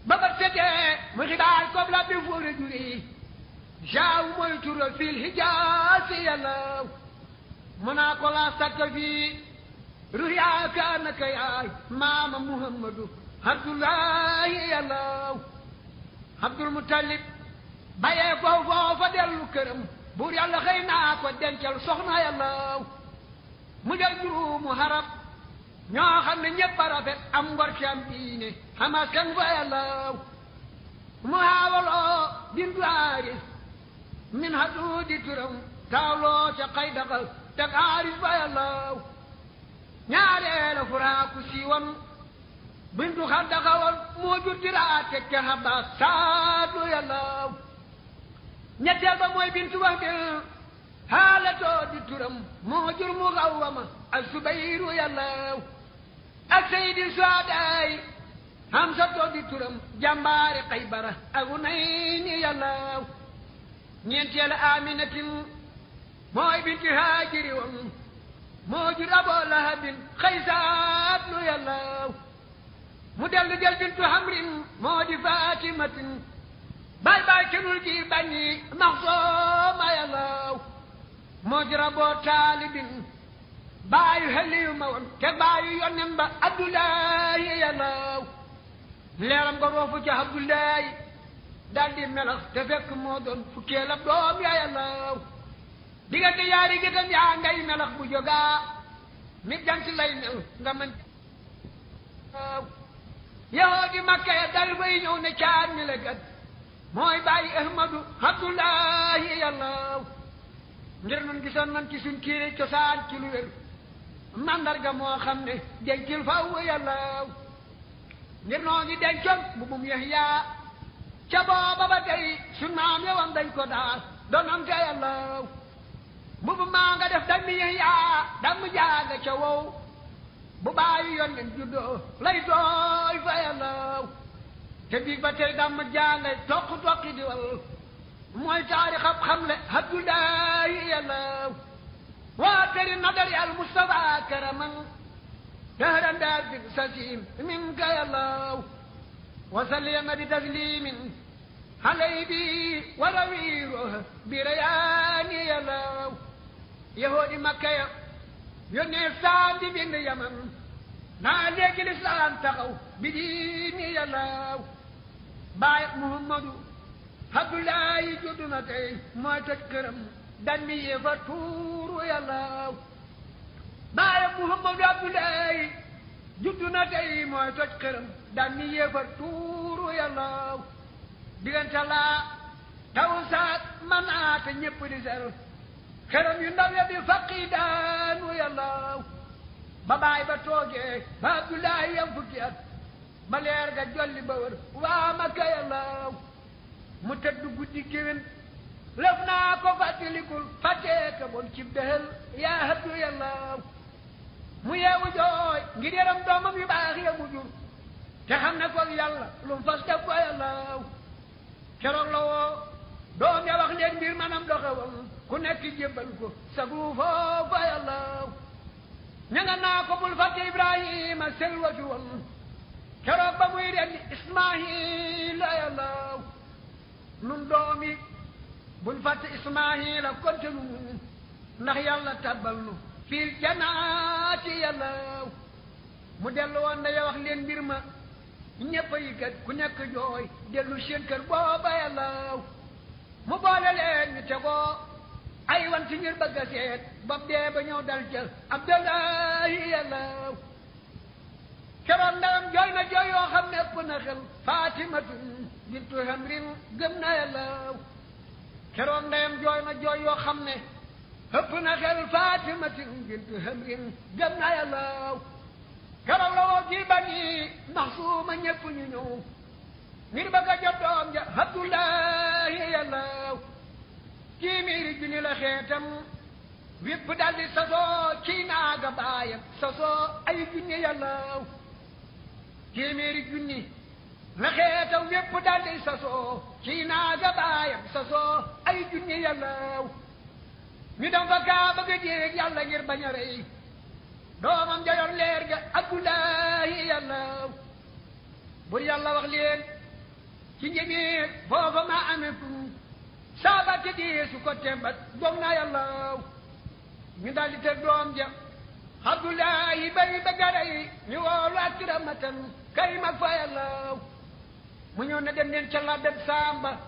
ba ba setee mu xibaar kobla bi fóor a juri jaaw mooy tura fil hijaasi yàlla mu naa ko laa sàkka fii ruyaa kaanaka yaay maama muhammadu abdullahi yàlla abdul mutalib bayee ko foofa dellu këram buur yàlla xëy naa ko dencal soxna yàlla mu jël juróomu xarab ñoo xam ne ñëpp a rafet am ngor ci am diine xamas kan fayalaw mu xaawaloo dinduwaari min haduudi turam taawloo ca xay daxal teg aaris fayalaw ñaareela furaaku siiwan bindu xar daxawal moo jur diraa teg ca xabas saadu yalaw ñetteel ba mooy bintu wax xaalatoo di turam moo jur mu xawama ak subayru yàllaaw ak saydi soadaay xamsatoo di turam jàmbaari xaybara ak unayni yàllaaw ñeenteel aminatin mooy binti haajiri woon moo jur aboo lahabin xaysaat lu yàllaaw mu dellu jël bintu hamrin moo di faatimatin bay bay kenul ji bañi maxsooma yàllaaw moo jura boo taalibin baayu xeliyu ma woon te baayu yonen ba abdoulaye yalaaw leeram nga roofu ca abdoulaye melax te fekk moo doon fukkeel ab doom ya yalaaw diggante yaari gitam yaa ngay melax bu jógaa mi jant lay mel nga mën waaw dal bay ñëw ne caar mi la gat mooy bàyyi ahmadu abdoulaye yalaaw ngir nun gisoon man ci suñ kiire cosaan ci lu wér mandarga moo xam ne dencil faw yàllaaw ngir noo ngi dencoon bu mum yaxyaa ca booba ba tey suñ maam yowoon dañ ko daal doonoon ca yàllaaw bu bu maa nga def dañ mi yaxyaa damm ca wow bu bàyyi yoon nen juddoo lay tooy fa yàllaaw te bii ba tey damm jaa ngay toq toqi di wal mooy taarixam xam ne Abdoulaye yàlla waatari nadari al Mustafa karaman dahran daafik minka yàlla wa sallima bi taslimin alay bi bi rayaani yàlla yahoodi makka ya yónnee saandi yaman naa léegi lislaam taxaw bi diini yàlla baay Muhammadu Abdoulaye juddu na tey mooy toj këram dan mi yee fa tuuru yàlla baayam Muhammadu Abdoulaye juddu na tey mooy toj këram dan mi yee fa tuuru yàlla diggante laa taw saat man aata ñëpp di seru këram yu ndaw ya di faqi daanu yàlla ba baay ba toogee ba Abdoulaye yam fukki at ba leer ga jolli ba wër waa Makka yàlla mu tëdd guddi géwén lëf naa ko fàttalikul fàttee ka bon ci behel yaa haddu yàlla mu yeewu jooy ngir yaram doomam yu baax ya mu jur xam ne ko yàlla lu mu fas def ko yàlla keroog la woo doom ya wax leen mbir manam doxewal ku nekk jébbal ko sagu foofa yàlla ña nga naa ko bul fàtte ibrahima selwatu woon keroog ba muy rendi ismaila yàlla nun doomi buñ fàtte ismaila kontinu ndax yàlla tabbal nu fii janaati yàllaw mu dellu woon na ya wax leen yi kat ku nekk jooy dellu seen booba yàllaw mu boole leen ñu tegoo ay wanti ngir bëgg bab dee ba ñëw dal jël abdallahi yàllaw keroon na jooy yoo xam ne ëpp na bintu hamrin gëm na yàllaw keroog ndeyam jooy na jooy yoo xam ne ëpp na xel fatimatin bintu hamrin gëm na yàllaw la woo ci maxsuuma ñëpp ñu ñëw ngir bëgg a doom ja abdullahi yàllaw kii miiri junni la xeetam wépp daldi sasoo kii naaga baayam sasoo ay junni yàllaw kii miiri junni la xeetam yépp daldi sasoo ci naaga baayam sasoo ay junni yàllaaw ñu fa kaa bëgg a jéeg yàlla ngir bañ a rey doomam ja yor leer ga ci njëmiir foofa maa amee ku saabat ci dee su ko tembat gom naa yàllaaw ñu daldi teg doom ja abdullaahi bay ba garay ñu woolu ak kiramatan kay mag fa yàllaaw mu ñëw ne dem leen ca la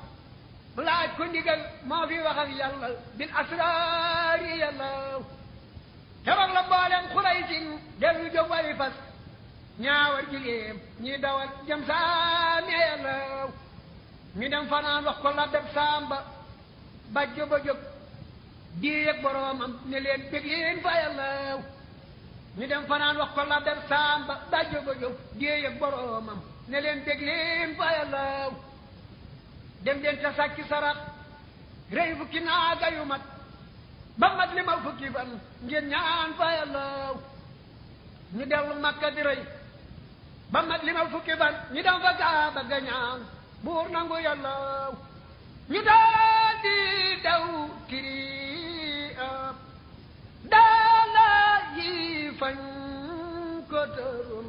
laaj ko ndigal moo fi wax ak yàlla bil asraari yàlla la mboolem xulay sin dellu jóg way fas ñaawar jiléem ñi dawal jëm saame yàlla ñu dawa fanaan wax ko la dem samba ba jóba jóg dii yëg boroomam ne leen bég leen fa yàlla fanaan wax ko ba jóba jóg dii boroomam ne leen dég leen bàyyi laaw dem leen te sàkki sarat rey fukki naaga yu mat ba mat li ma fukki fan ngeen ñaan bàyyi laaw ñu dellu makka di rey ba mat li ma fukki fan ñu dem fa kaaba ga ñaan buur nangu yàlla ñu daal di daw kiri ab daala yi fañ ko tërum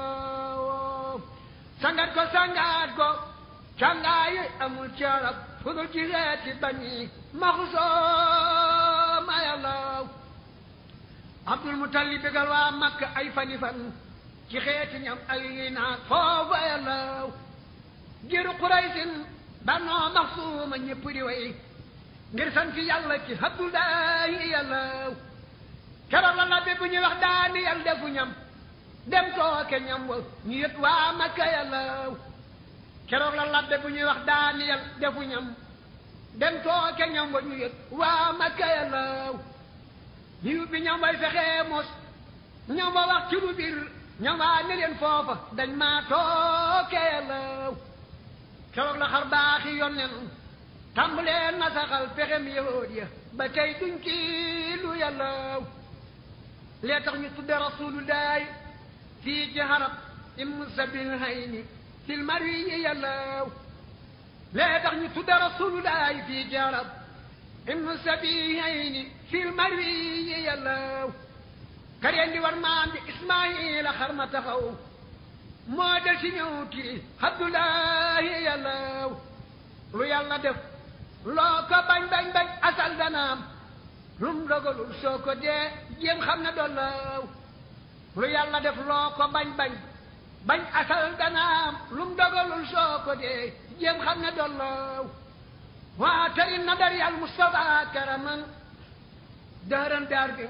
sangat ko sangaat ko cangaayi amul ci arab fu dul ci reeti bani maxusoo mayalaw abdul mutallib bégal waa makk ay fani fan ci xeeti ñam ay rinaat foofu ayalaw giru quraysin banoo maxsuuma ñépp di way ngir sant yàlla ci abdul daayi yàllaw keroog la labbe bu ñuy wax daani yàlla defu ñam dem tooke ñam wa ñu yët waa makka keroog la labbe bu ñuy wax daaniyal defu ñam dem tooke ñam wa ñu yët waa makka yàllaw ñu ñam way fexee mos ñam wa wax ci lu ñam waa ne foofa dañ maa tooke yàllaw keroog la xar baaxi yonnen tàmbalee nasaxal pexem yahood ya ba tey duñ ci lu yàllaw lee tax ñu tudde rasulullahi fii jaxarab im sabil hayni fil marwi yàllaaw lee tax ñu tudda rasulullaay fii jaxarab im sabil hayni fil marwi yàllaaw kareen di war maam bi ismaila xar ma taxaw moo del si ñëw kii abdullahi yàllaaw lu yàlla def loo ko bañ bañ bañ asal danaam lum dogalul soo ko dee jéem xam ne dollaaw lu yàlla def loo ko bañ-bañ bañ asal danaam lu mu dogalul soo dee jéem xam ne waa te inna dari al mustafa karaman dëran daar bi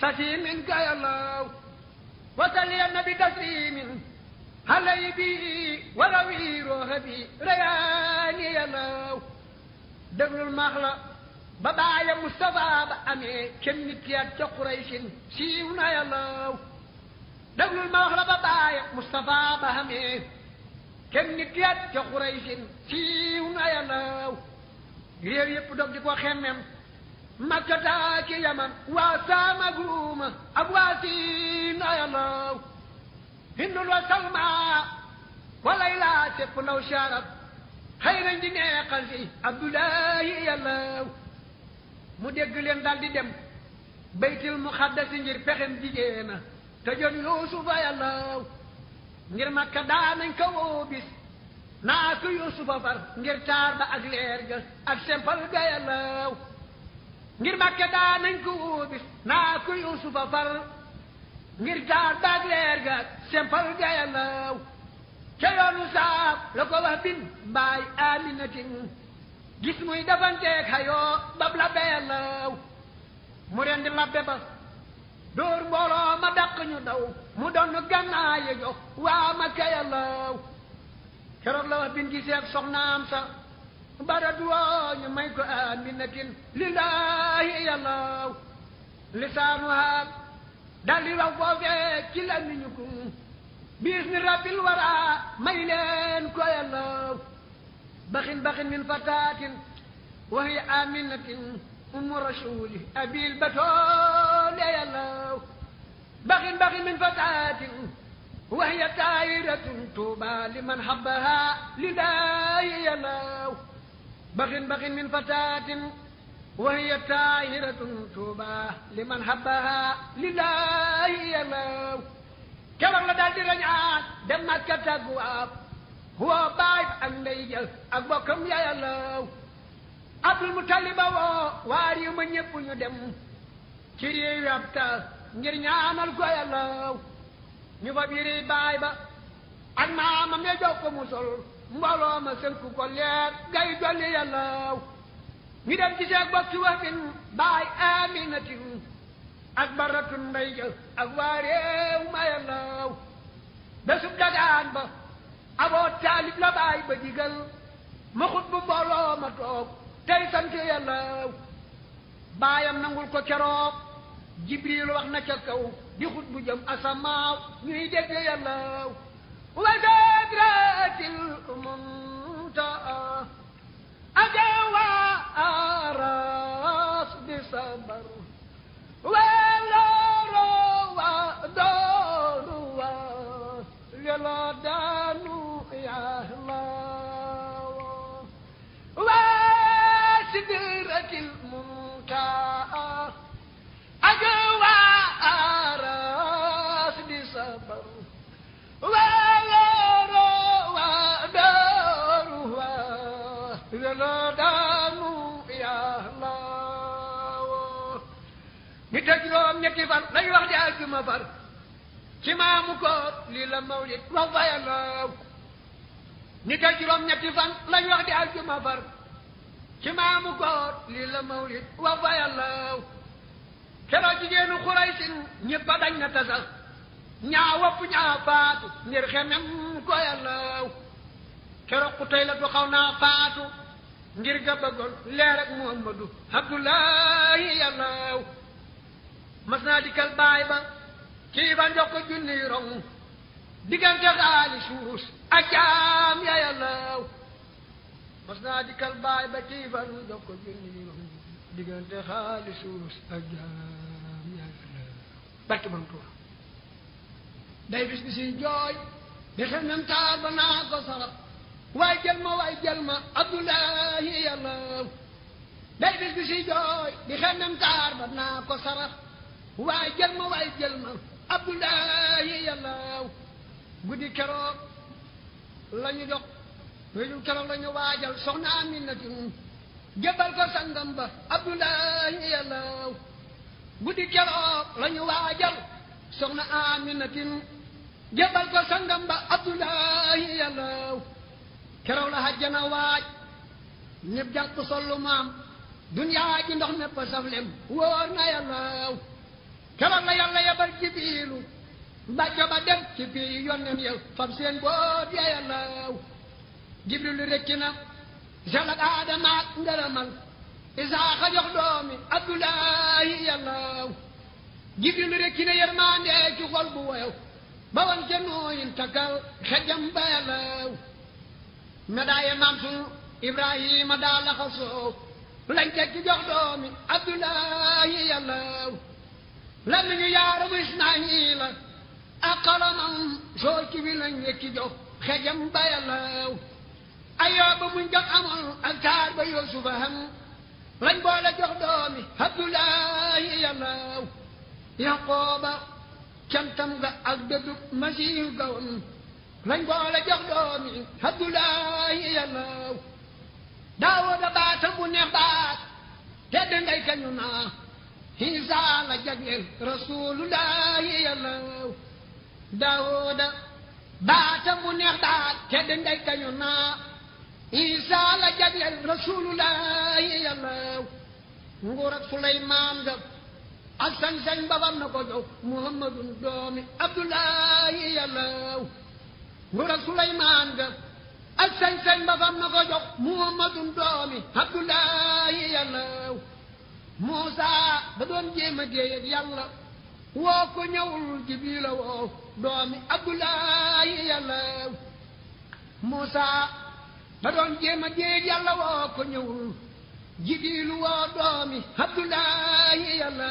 sati min kayalaw wasaliya nabi taslimin halay bi warawi rooxa rayaani yalaw déglul maax la ba baaya mustafa ba amee kenn nit ki at ca quraysin déglul ma wax la ba baaya Moustapha ba xamee kenn nit yat ca Xuraysin siiw na yanaaw réew yëpp dog di ko xemmem makkata ki yaman waa saama guuma ak waa siin na yanaaw hindul wa salma wa laylaa sépp law sharab xëy nañ di neexal si abdoulahi yàllaaw mu dégg leen daal di dem baytil muxaddasi ngir pexem jigéena te jot yuusufa yàllaw ngir makka daanañ ko woo bis naa ko yuusufa far ngir taar ba ak leer ga ak sempal ga yàllaw ngir makka daanañ ko woo bis naa ko yuusufa far ngir taar ba ak leer ga ak sempal ga yàllaw ca yoonu saab la ko wax bin mbaay gis muy dafanteeg xayoo bab la be yàllaw mu rendi labbe ba dóor mbooloo ma dàq ñu daw mu doon gànnaayu jox waa ma kayalaaw keroog la wax bin giseeg soxnaam sa bara duwoo ñu may ko aminatin lillaahi yallaaw lisaanu haal dal di raw foofee ci la mi ñu biis mi rabbil waraa may leen ko yallaaw baxin baxin min fataatin waxi aminatin أم رسوله أبي البتول يا الله بغ بغ من فتعات وهي تائرة طوبى لمن حبها لداي يا الله بغ بغ من فتاة وهي تائرة طوبى لمن حبها لداي يا الله keroog la daal di rañaan dem Makka tàggu ab woo baay ak ndey jël ak bokkam yaa yàlla abdul mutaliba woo waar yu ma dem ci réew abta ngir ñaanal ko yàlla ñu fa biri baay ba ak maamam ya jox ko mu sol mbooloo ma sënku ko gay dolli yàlla ñu dem ci seeg bokki waxin baay aminatin ak baratun mbay ja ak waa réew ma yàlla bésub dagaan ba aboo taalib la baay ba digal ma xut bu mbooloo ma tey sante yàlla baayam nangul ko keroog jibril wax na ca kaw xut bu jëm asamaaw ñuy dégge yàlla wa sadratil munta ajawa aras bi sabar wa looro wa doolu wa lelo daa di tëj juróom ñetti far lañ wax ci maamu koor lii la mawlid wax fayalaaw ñi tëj juróom ñetti fan lañ wax di àjjuma far ci maamu koor wax fayalaaw a faatu ngir xemem ko yàllaaw keroog ku tey la du xaw naa faatu mas naa dikkal baay ba kii ba njox ko junniy rong diggante xaali suus ak ya yàllaaw mas naa dikkal baay ba kii ba njox ko junniy rong diggante xaali suus ak ya yàllaaw barke bam ko sarab day bis bi siy jooy di xel même taar ba naa ko sarab waay jël ma waay jël ma Abdoulaye yàllaaw guddi keroog la ñu dox réju keroog la ñu waajal soxna Aminatu jébal ko sangam ba Abdoulaye yàllaaw keroog la hajjana waaj ñëpp jàpp sollu maam ndox mépp saf lem wóor na yàllaaw keroog la yàlla yabal jibiilu bàjjo ba dem ci bii yónneen yow fam seen boot yayalaw jibrilu rekki na selak aadamaak ngërëmal isaaxa jox doomi abdulaahi yalaw jibrilu rekki na yërmaandee ci xol bu woyow ba wan ca nooyin takkal xejam ba yalaw medaaye maam sunu ibrahima daa laxasoo lañ teg ci jox doomi abdulaahi yalaw lamiñu yaaram ismaila a qalamam sooci wi lañ wekki jox xejam bayalaw ayooba muñ jox amoon ak taar ba yusufa ham lañ boole jox doomi abdulahi yalaw yaqooba cantam ga ak dëddu masiihu gawoon lañ boole jox doomi abdulahi yalaw daawooda baatam bu neex baat tedd ngay kañu hiisa la jagleel rasulullahi yàlla daawuda baata mu neex daal te de kañu naa hiisa la jagleel rasulullahi yàlla nguur ak suleymaan ga ak sañ-sañ babam na ko doomi abdullahi yàlla nguur Muusa da doon jéem a géey ak yàlla woo ko ñëwul Jibril woo doomi Abdulaayi yàlla Muusa da doon jéem a géey ak yàlla woo ko ñëwul Jibril woo doomi Abdulaayi yàlla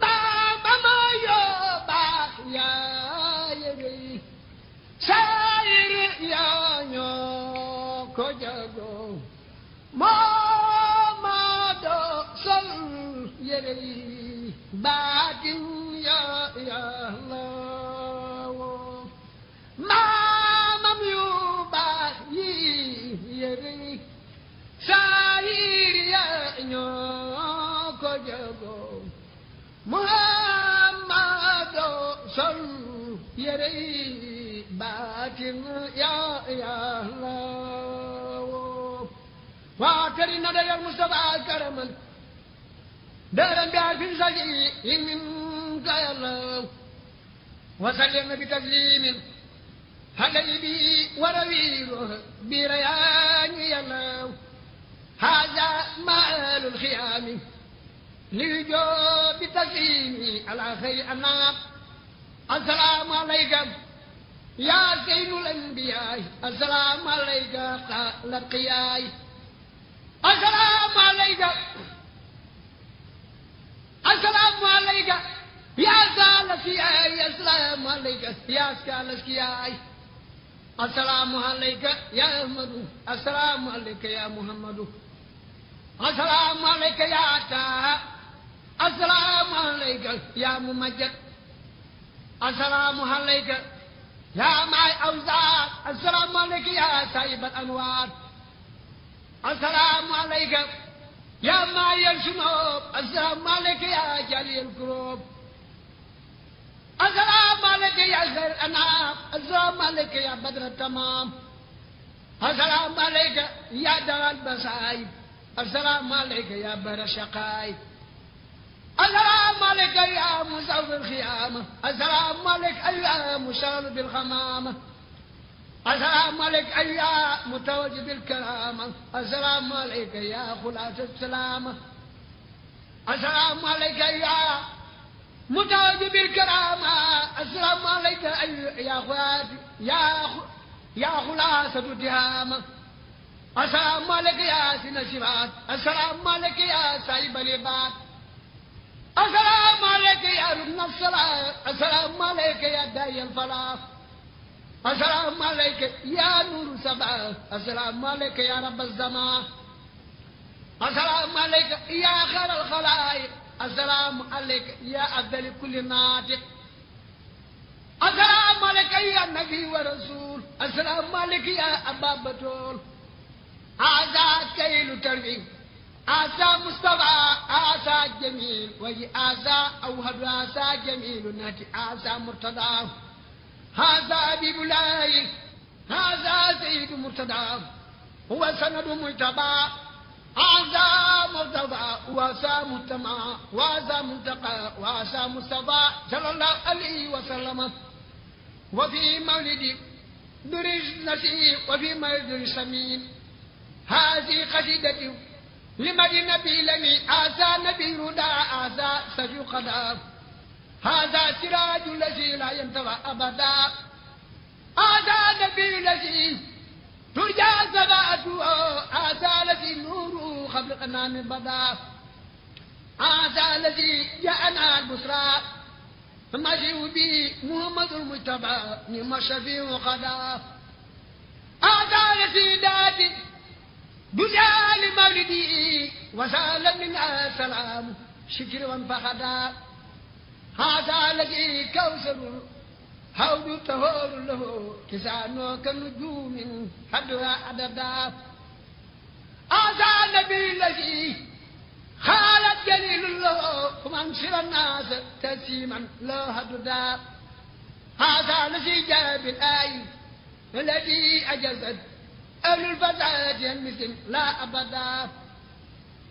baa ba ma yoo baax yaa yëgëy saayir ñoo ko jagoo moo لي بعد يا يا الله ما مم يباهي يري ساير يا نيوك جبو محمد صل يري باكن يا يا الله واعترنا يا المصطفى كرما دائما بعرف سجيء منك يا الله وسلم بتسليم هدي بي ورويره بريان يا الله هذا مال الخيام لوجوب تسليمي على خير النام السلام عليكم يا زين الانبياء السلام عليك لقياي السلام عليك السلام عليك يا سالسياي يا سلام عليك يا سالسياي السلام عليك يا أحمد السلام عليك يا محمد السلام عليك يا عطاء السلام عليك يا ممجد السلام عليك يا معي أوزار السلام عليك يا سايب الأنوار السلام عليك يا مايا الشنوب السلام عليك يا جليل الكروب السلام عليك يا زهر الأنعام السلام عليك يا بدر التمام السلام عليك يا دار البصائب السلام عليك يا بر الشقايب السلام عليك يا مصور الخيامة السلام عليك يا مشغل بالخمامة السلام عليك يا متوجب الكرامة السلام عليك يا خلاص السلامة السلام عليك يا متوجب الكرامة السلام عليك يا خواتي يا يا خلاصة التهامة السلام عليك يا سنشرات السلام عليك يا صاحب العباد السلام عليك يا ركن الصلاة السلام عليك يا داعي الفلاح assalaamu alayka yaa nuuru sabaa assalaamu alayka yaa rabba zamaa assalaamu alayka yaa xaral xalaayik assalaamu alayka yaa afdali kulli naatiq assalaamu alayka yaa nabi wa rasuul assalaamu alayka yaa ababatool asa kayilu tarwiw asa mustafa asa jamiil waji asa awhadu asa jamiilu naati asa murtadaahu هذا ببلاي هذا زيد مرتدى هو سند مجتبى هذا مرتضى وهذا مجتمع وهذا منتقى وهذا مصطفى صلى الله عليه وسلم وفي مولد درج نسيب وفي مولد سمين هذه قصيدتي لمدي نبي لمي آسى نبي ردى آسى سجو قدام هذا سراج الذي لا ينتوى أبدا هذا نبي الذي ترجى زباته هذا الذي نوره قبل قنام بدا هذا الذي جاءنا البشرى فمشي به محمد المجتبى نعم شفيع غدا هذا الذي داتي بجال مولدي وسالم منها سلام شكر وانفخدا هذا الذي كوثر هود تهور له تسع كنجوم حدها عددا هذا النبي الذي خالد جليل له منشر الناس تسيما لا حددا هذا الذي جاء بالآي الذي أجزت أهل البداية مثل لا أبدا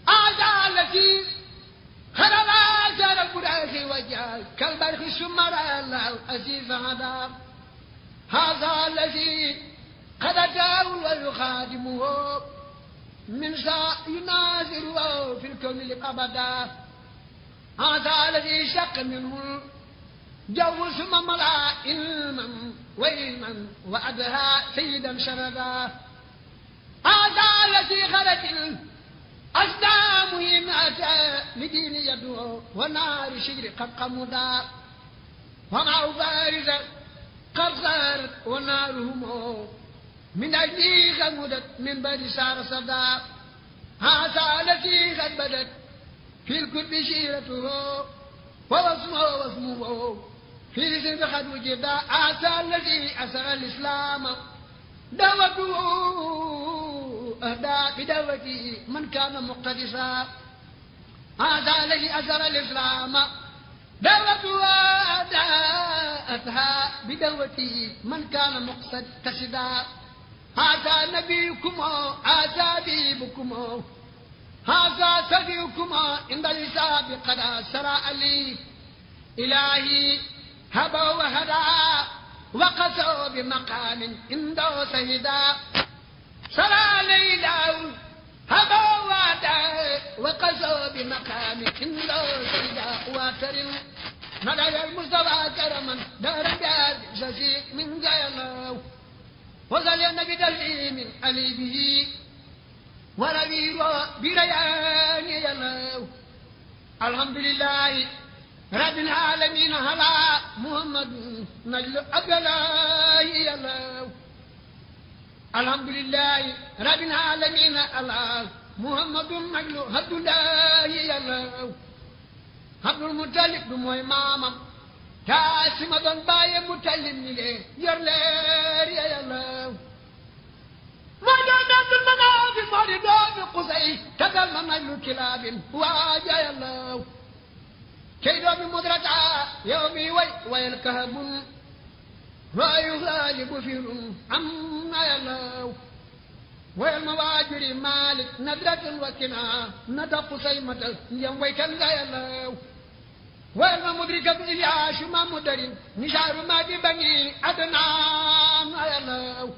هذا الذي خلوات البراق وجال كالبرق السمراء العزيز عذاب هذا الذي قد جاء ويخادمه من شاء ينازله في الكون أبدا هذا الذي شق منه جو ثم ملا علما وعلما وأدها سيدا شردا هذا الذي خرج أجدام يمات مدين يدعو ونار شجر قد قمدا ومع بارزة قد صارت ونارهم من أجلي غمدت من بعد سار صدا هذا التي قد بدت في الكل شيرته ووسمه واسمه في رزق قد وجد هذا الذي أسر الإسلام دعوته أهدى بدعوته من كان مقتدسا هذا الذي أزر الإسلام دعوة أداءتها بدعوته من كان مقتدسا هذا نبيكم هذا ديبكم هذا سبيكم عند الحساب قد أسرى لي إلهي هبوا وهدى وقسوا بمقام عنده سهدا صلى لي داود هبا وادا وقزوا بمقام كندو سيدا واترم نرى المصطفى كرما دار بياد جزيء من جيماو وظل النبي دلي من قلبه وربي بريان يلاو الحمد لله رب العالمين هلا محمد نجل أبلاي يلاو alhamdulillahi rabbil alamin allah muhammadun majlu abdullahi yàllaw abdul mutalib du mooy maamam taa si ma doon bàyye mutalib ni lee yor leer ya yàllaw moo doon abdul manaafi moo di doomi xusay tagal ma majlu kilaabin waaja yàllaw cey doomi mudrata yow mi way wayal kahabun ويغالب فيهم عما يلو والمواجر مالك ندرة وكنا ندق سيمة ينويك لا يلو والمدرك إلياش ما مدر نشار ما ببني أدنى ما يلو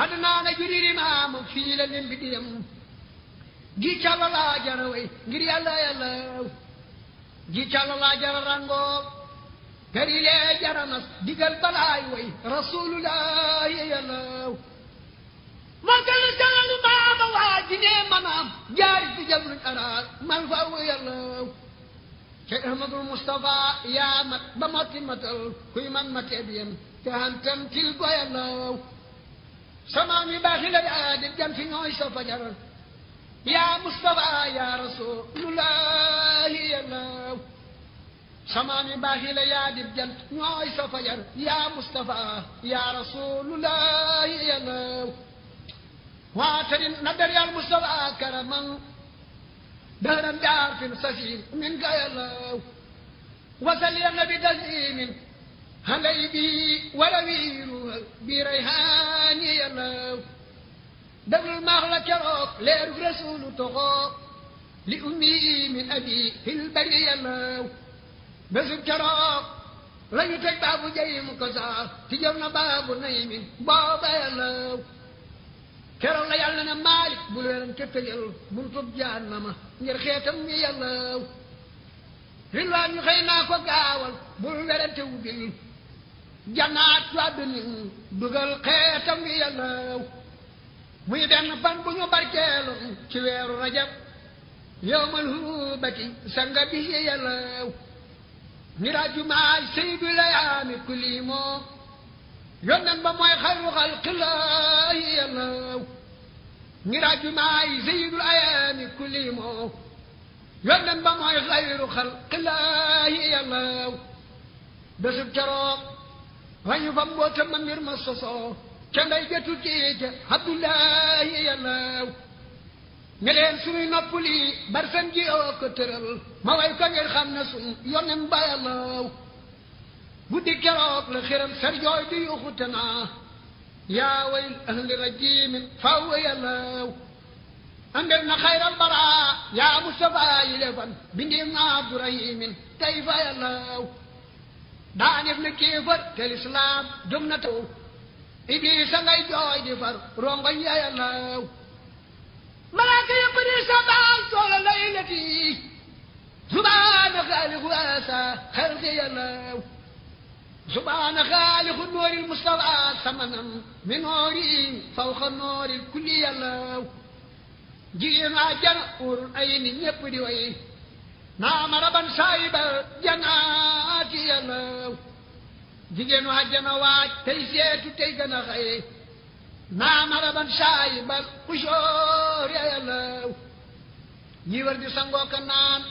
أدنى نجري رمام في للمبديم جيشا ولا جروي جري الله يلو جيشا ولا جر رنغو kërilee jaranas digal balaay way rasulullah yalaw magal daanu maama waa jinee manaam jaari si jabluñ araar mal faw yalaw ke ahmadul mustafa yaa mat ba matti matal kuy man matee biyam te hantam til go yalaw samaam yi baaxi la daa di jam fi ñooy sa fajar yaa mustafa yaa rasulullah yalaw samaami baaxi la yaa dib jant ñooy sa fajar yaa Moustapha yaa rasulullahi yàllaw waatarin na dar karaman dëran daar fin sasin min ka yàllaw wasal ya nabi taslimin halay bi wala wiiru bi rayhaani yàllaw dëglul maax la keroog leerub rasulu li ummi min abi fil bari yàllaw bésu keroog la ñu teg baabu jayim ko saar ci baabu nay min boobee law la yàlla na maalik bu leeram te tëjal buntub jahannama ñu yàllaw ko gaawal bul werante wubil janaat waa benin bu ñu barkeelu ci weeru rajab yowmal hubati sanga bi yàllaw ni rajumaay saydu layaami kulli moo yonnan ba mooy xayru xalqillaahi yàllaw ni rajumaay saydu layaami kulli moo yonnan ba mooy xayru xalqillaahi yàllaw bésub keroog wañu fa mboota ma mbir ma sosoo ca ndey ja tukkee ca abdullaahi yàllaw ne leen suñuy nopp lii bar seen ji oo ko tëral ma way ko ngir xam ne suñ yonen bayalaw guddi keroog la xiram ser jooy di yuxute naa yaa wayl ahli rajimin faw yalaw andel na xayral bara yaa mustafa yi lefan bindim na abdourahimin tey fa yalaw daanef na kéefar te lislaam jóg na taw iblis jooy di far rongoñ ya yalaw malaaka yëpp di sabal toola laylati subhaana xaaliqu asa xalqi yalaw subhaana xaaliqu nooril mustafa samanan mi noori fawqa noori kulli yalaw jigéen waa jana urul ay ni di way naama raban saayiba janaati yalaw jigéen tey seetu tey naa maraban shaayiban xusóor ya yàllaw ñii war di sangoo ka naan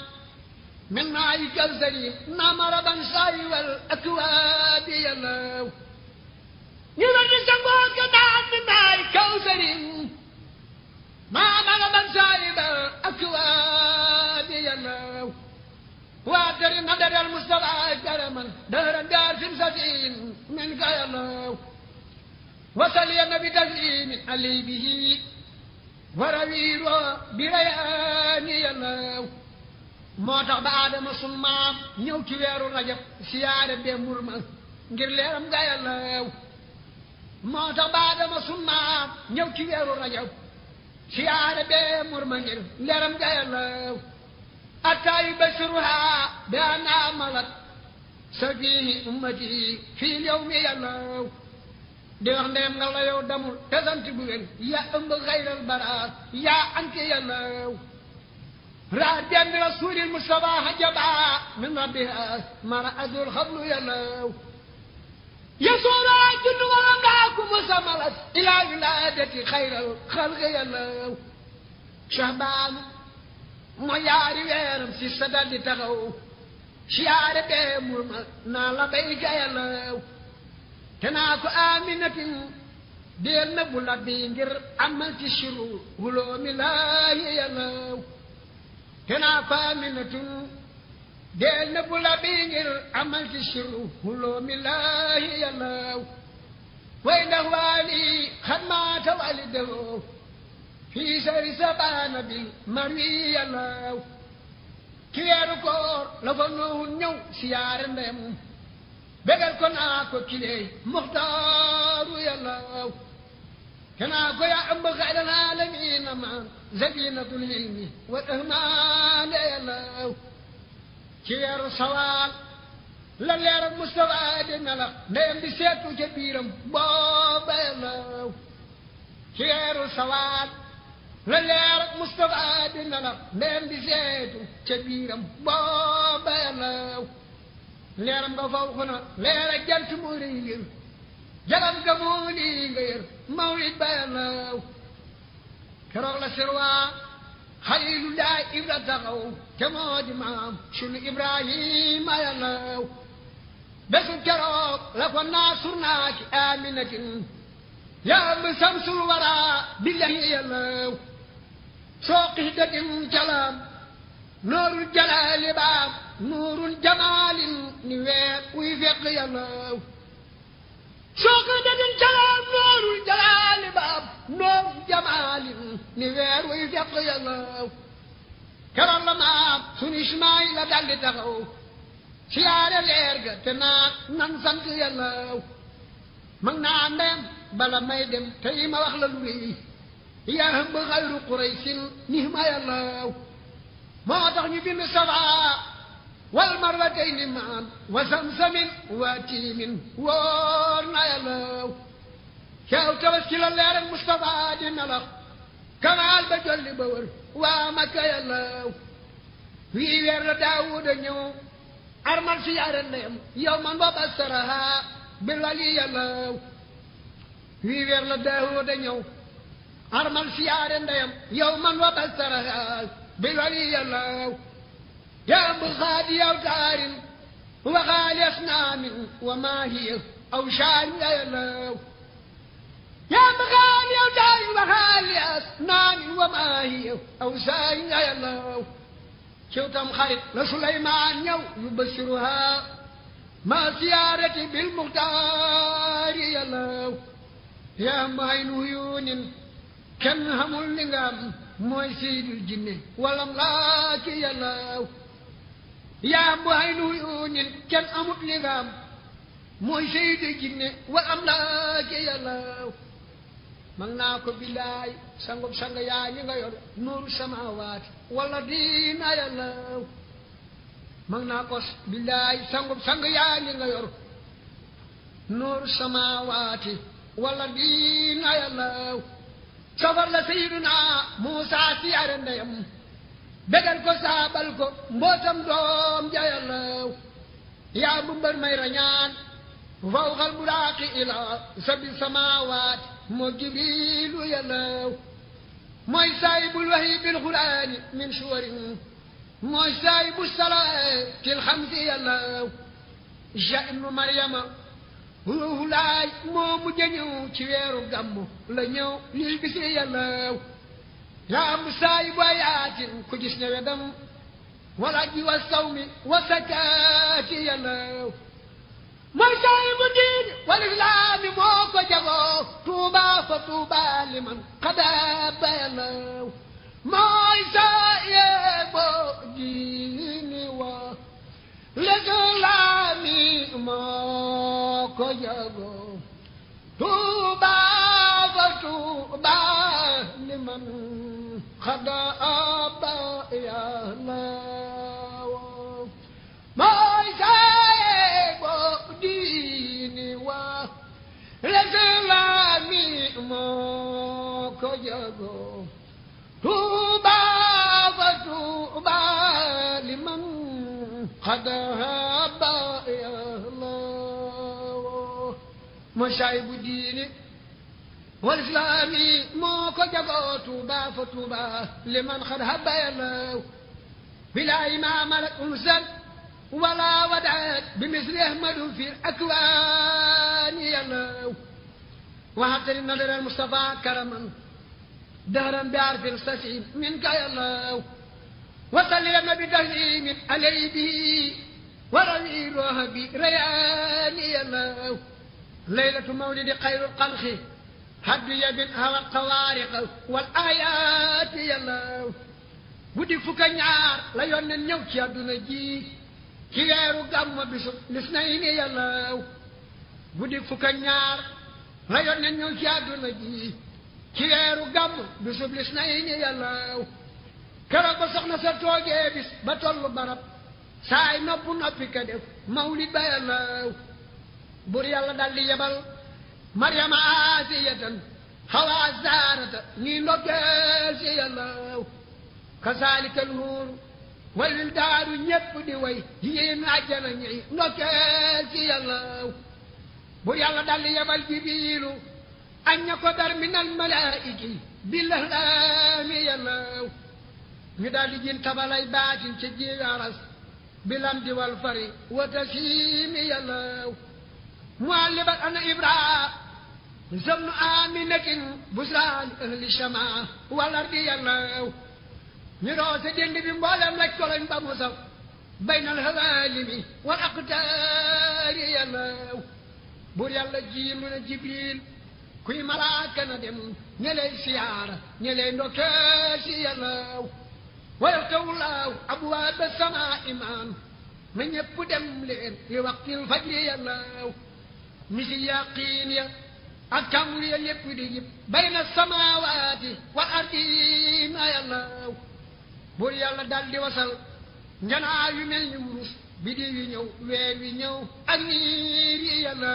min naa yi kalsari naa maraban shaayibal akwaab ya yàllaw ñii war di sangoo ka naan min naa yi kalsari naa maraban shaayibal akwaab ya yàllaw waa tari na daral Mustafa karaman dara daar fi sasin min ka yàllaw وسلم بتسليم علي به ورويل برياني الله moo tax ba aadama ñëw ci weeru rajab siyaare moo tax ba aadama sun maam ñëw ci weeru rajab siyaare bee murmal yu basiruha bi anna amalat safihi ummati fii yawmi yàllaw di wax ndeem nga la yow damul te sant bu wér yaa ëmb xayral baraar yaa anke yalaw raadiyan bi rasuulil mustafa hajaba min rabbiha mara adul xablu yalaw yasuura jundu waram daa ku musamalat ilaa wilaadati xayral xalqi yalaw shahbaan ma yaari weeram si sadal di taxaw siyaare bee mu naa la bayka yalaw te naa aminatin deel na bu la bi amal ci siru wuloomi laayi yàllaw te naa aminatin deel na bu la bi amal ci siru wuloomi laayi yàllaw way ndax waali xamaata wali dewoo fii sari sabaana bi mari yàllaw ci weeru koor la fa ñëw siyaare ndeyam begal ko naa ko kileey muxtaaru yàllaw kenaa ko yaa ëmb xayral aalamiina maan zabinatul ilmi wal ahmaane yàllaw ci weeru sawaal la leeral Mustafa di melax ndeyam di seetu ca booba yàllaw ci weeru sawaal la leeral Mustafa di melax ndeyam di seetu ca biiram booba yàllaw leeram nga faw xuna leer ak jant moo rëy ngir jalam nga moo lii nga yër mawlid bayalaw keroog la sirwaa xalilullaah ibra taxaw te moo di maam sunu ibrahima yalaw bésu keroog la ko naasur naa ki aminatin yaa bi samsul waraa billahi yalaw soo xis datim calam noorul jalaali baam nuurul jamaalin ni weer wuy fekk yàllaaw soo ko dégg jalaal nuurul jalaali baab nuurul jamaalin ni weer wuy fekk yàllaaw keroon la maam sunu Ismaayla daldi taxaw siyaare leer te naan nan sant yàllaaw mag naa ndem bala wax la lu lii yaa hëmb xayru quraysin ni ma yàllaaw moo tax ñu walmarwatayni maan wa samsamin wa tiimin wóor na yàllaw xeew tabaski la leeral Mustafa di melax kamaal ba jolli ba wër waa Makka weer la Daawuda ñëw armal si yaare ndeyam yow man ba basaraha bi lali yàllaw wii weer la Daawuda ñëw armal si yaare ndeyam yow man wa basaraha bi lali yàllaw يا أبو الخادي أوتار وغالي أصنام وما هي أو شعر يلو يا أبو الخادي أوتار وغالي أصنام وما هي أو شعر يلو شوتم خريط لسليمان يو يبشرها ما سيارتي بالمختار يلو يا معين عيون كم هم اللي موي سيد الجن ولم لاك يلو yaa booy nu yóonin kenn amut li nga am mooy seyde jinne wa am naa ke yàlla mag naa ko billaay sangub sang yaa ñi nga yor nuuru samawaati wala diina naa ko billaay sangub sang yaa ñi nga yor nuuru samawaati wala diina yàlla safar la sayyiduna bégal ko saabal ko mbootam doom jayalaw yaa bu mbër may rañaan fawxal buraaqi ila sabi samaawaat moo jibriilu yalaw mooy saayibul waxyi bil quraani min suwarin mooy saayibu salaatil xamsi yalaw ja ibnu maryama ruuxu laay moo mujj ñëw ci weeru gàmmu la ñëw lil bisi yaa musaayiba yaatin ku gis ne wedam wala ji wa sawmi wa sakaati yàllaw mooy saayibu diin wal islaami moo ko jagoo tuuba fa tuuba liman xadaaba yàllaw mooy saayibu diini wa lislaami moo ko jagoo tuuba fa tuuba liman خدا أبا يا الله ما يجيب ديني ولسلامي موك يجو توبا وتوبا لمن قد أبا يا الله مشايب ديني wal islaami moo ko jagoo tuuba fa tuuba liman xad habayalaw bila imamalat umsal wala wadaat bi misri ahmadu fi akwaani yalaw waxatari nadara al mustafa karaman dahran bi arfin sasin minka yalaw wasallama bi tahlimin alay bi warawi roha bi rayaani yalaw laylatu mawlidi xayrul xalqi hadiya binha wal xawaariq wal ayaati yàlla guddi fukk ak ñaar la yónneen ñëw ci àdduna ji ci weeru gàmmu bisu lisnayni yàlla guddi fukk ak ñaar la yónneen ñëw ci àdduna ji ci weeru gàmmu bisu lisnayni yàlla keroog ba soxna sa toogee bis ba tollu barab saay noppu noppi ka def mawlid ba yàlla bur yàlla daldi yebal maryama aasiyatan xawaa zaarata ñuy ndoggeel si yàllaw kasaalika lhuuru walil daaru ñépp di way jigéen àjjana ñuy ndoggeel si yàllaw bu yàlla dal yebal jibiilu añ ña dar min al malaa'iki bilahlaami yàllaw ñu daal di jin tabalay baatin ci jiaras bilam di wal fari wa tasiimi yàllaw muallibat ana ibraa زمن آمنة بسرى لأهل الشماء والأرض يلو نراس جند بمبالم لك كلهم بمصف بين الهوالم والأقدار يلو بور يلا جيل جبريل kuy malaaka na dem ña lay siyaara ña lay ndokkee si yàllaaw wayal tawlaaw abwaaba sama imaan na ñëpp dem leen li waxtil fajri yàllaaw misi ak càmbur ya yépp di jib bayna samaawaati wa ardi ma dal di wasal njanaa mel ni wurus bi di wi ñëw weer wi ñëw ak niir yi yàlla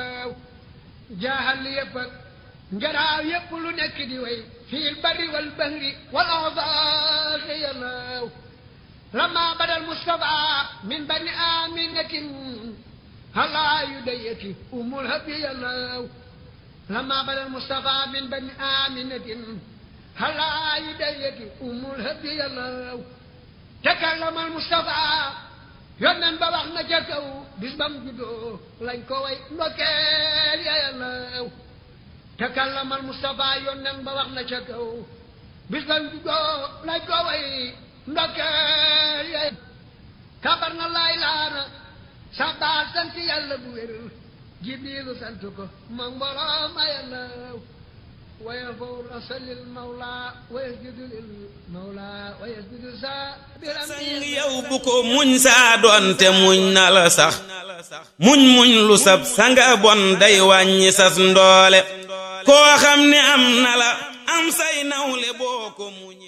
jaaxal li yépp ak njanaaw yépp lu nekk di way fiil barri wal bahri wal awdaaxi yàlla lama badal mustafa min bani aminatin halaa لما بدا المصطفى من بني آمنة هلا عيدية أم الهدي الله تكلم المصطفى yónneen ba wax na ca kaw bis ba mu juddoo lañ ko way ndokkeel ya yàllaw takallamal Mustafa yónneen ba wax na ca kaw bis ba mu juddoo lañ ko way ndokkeel ya kabar na laay laana sa baal sant yàlla bu wér jibrilu sant ko man borom ayalaw waya faw rasalil mawla wayes judul il mawla wayes judul sa muñ saa muñ na sax muñ muñ lu sab sanga bon day wàññi sas ndoole koo xam ne am na am say nawle boo ko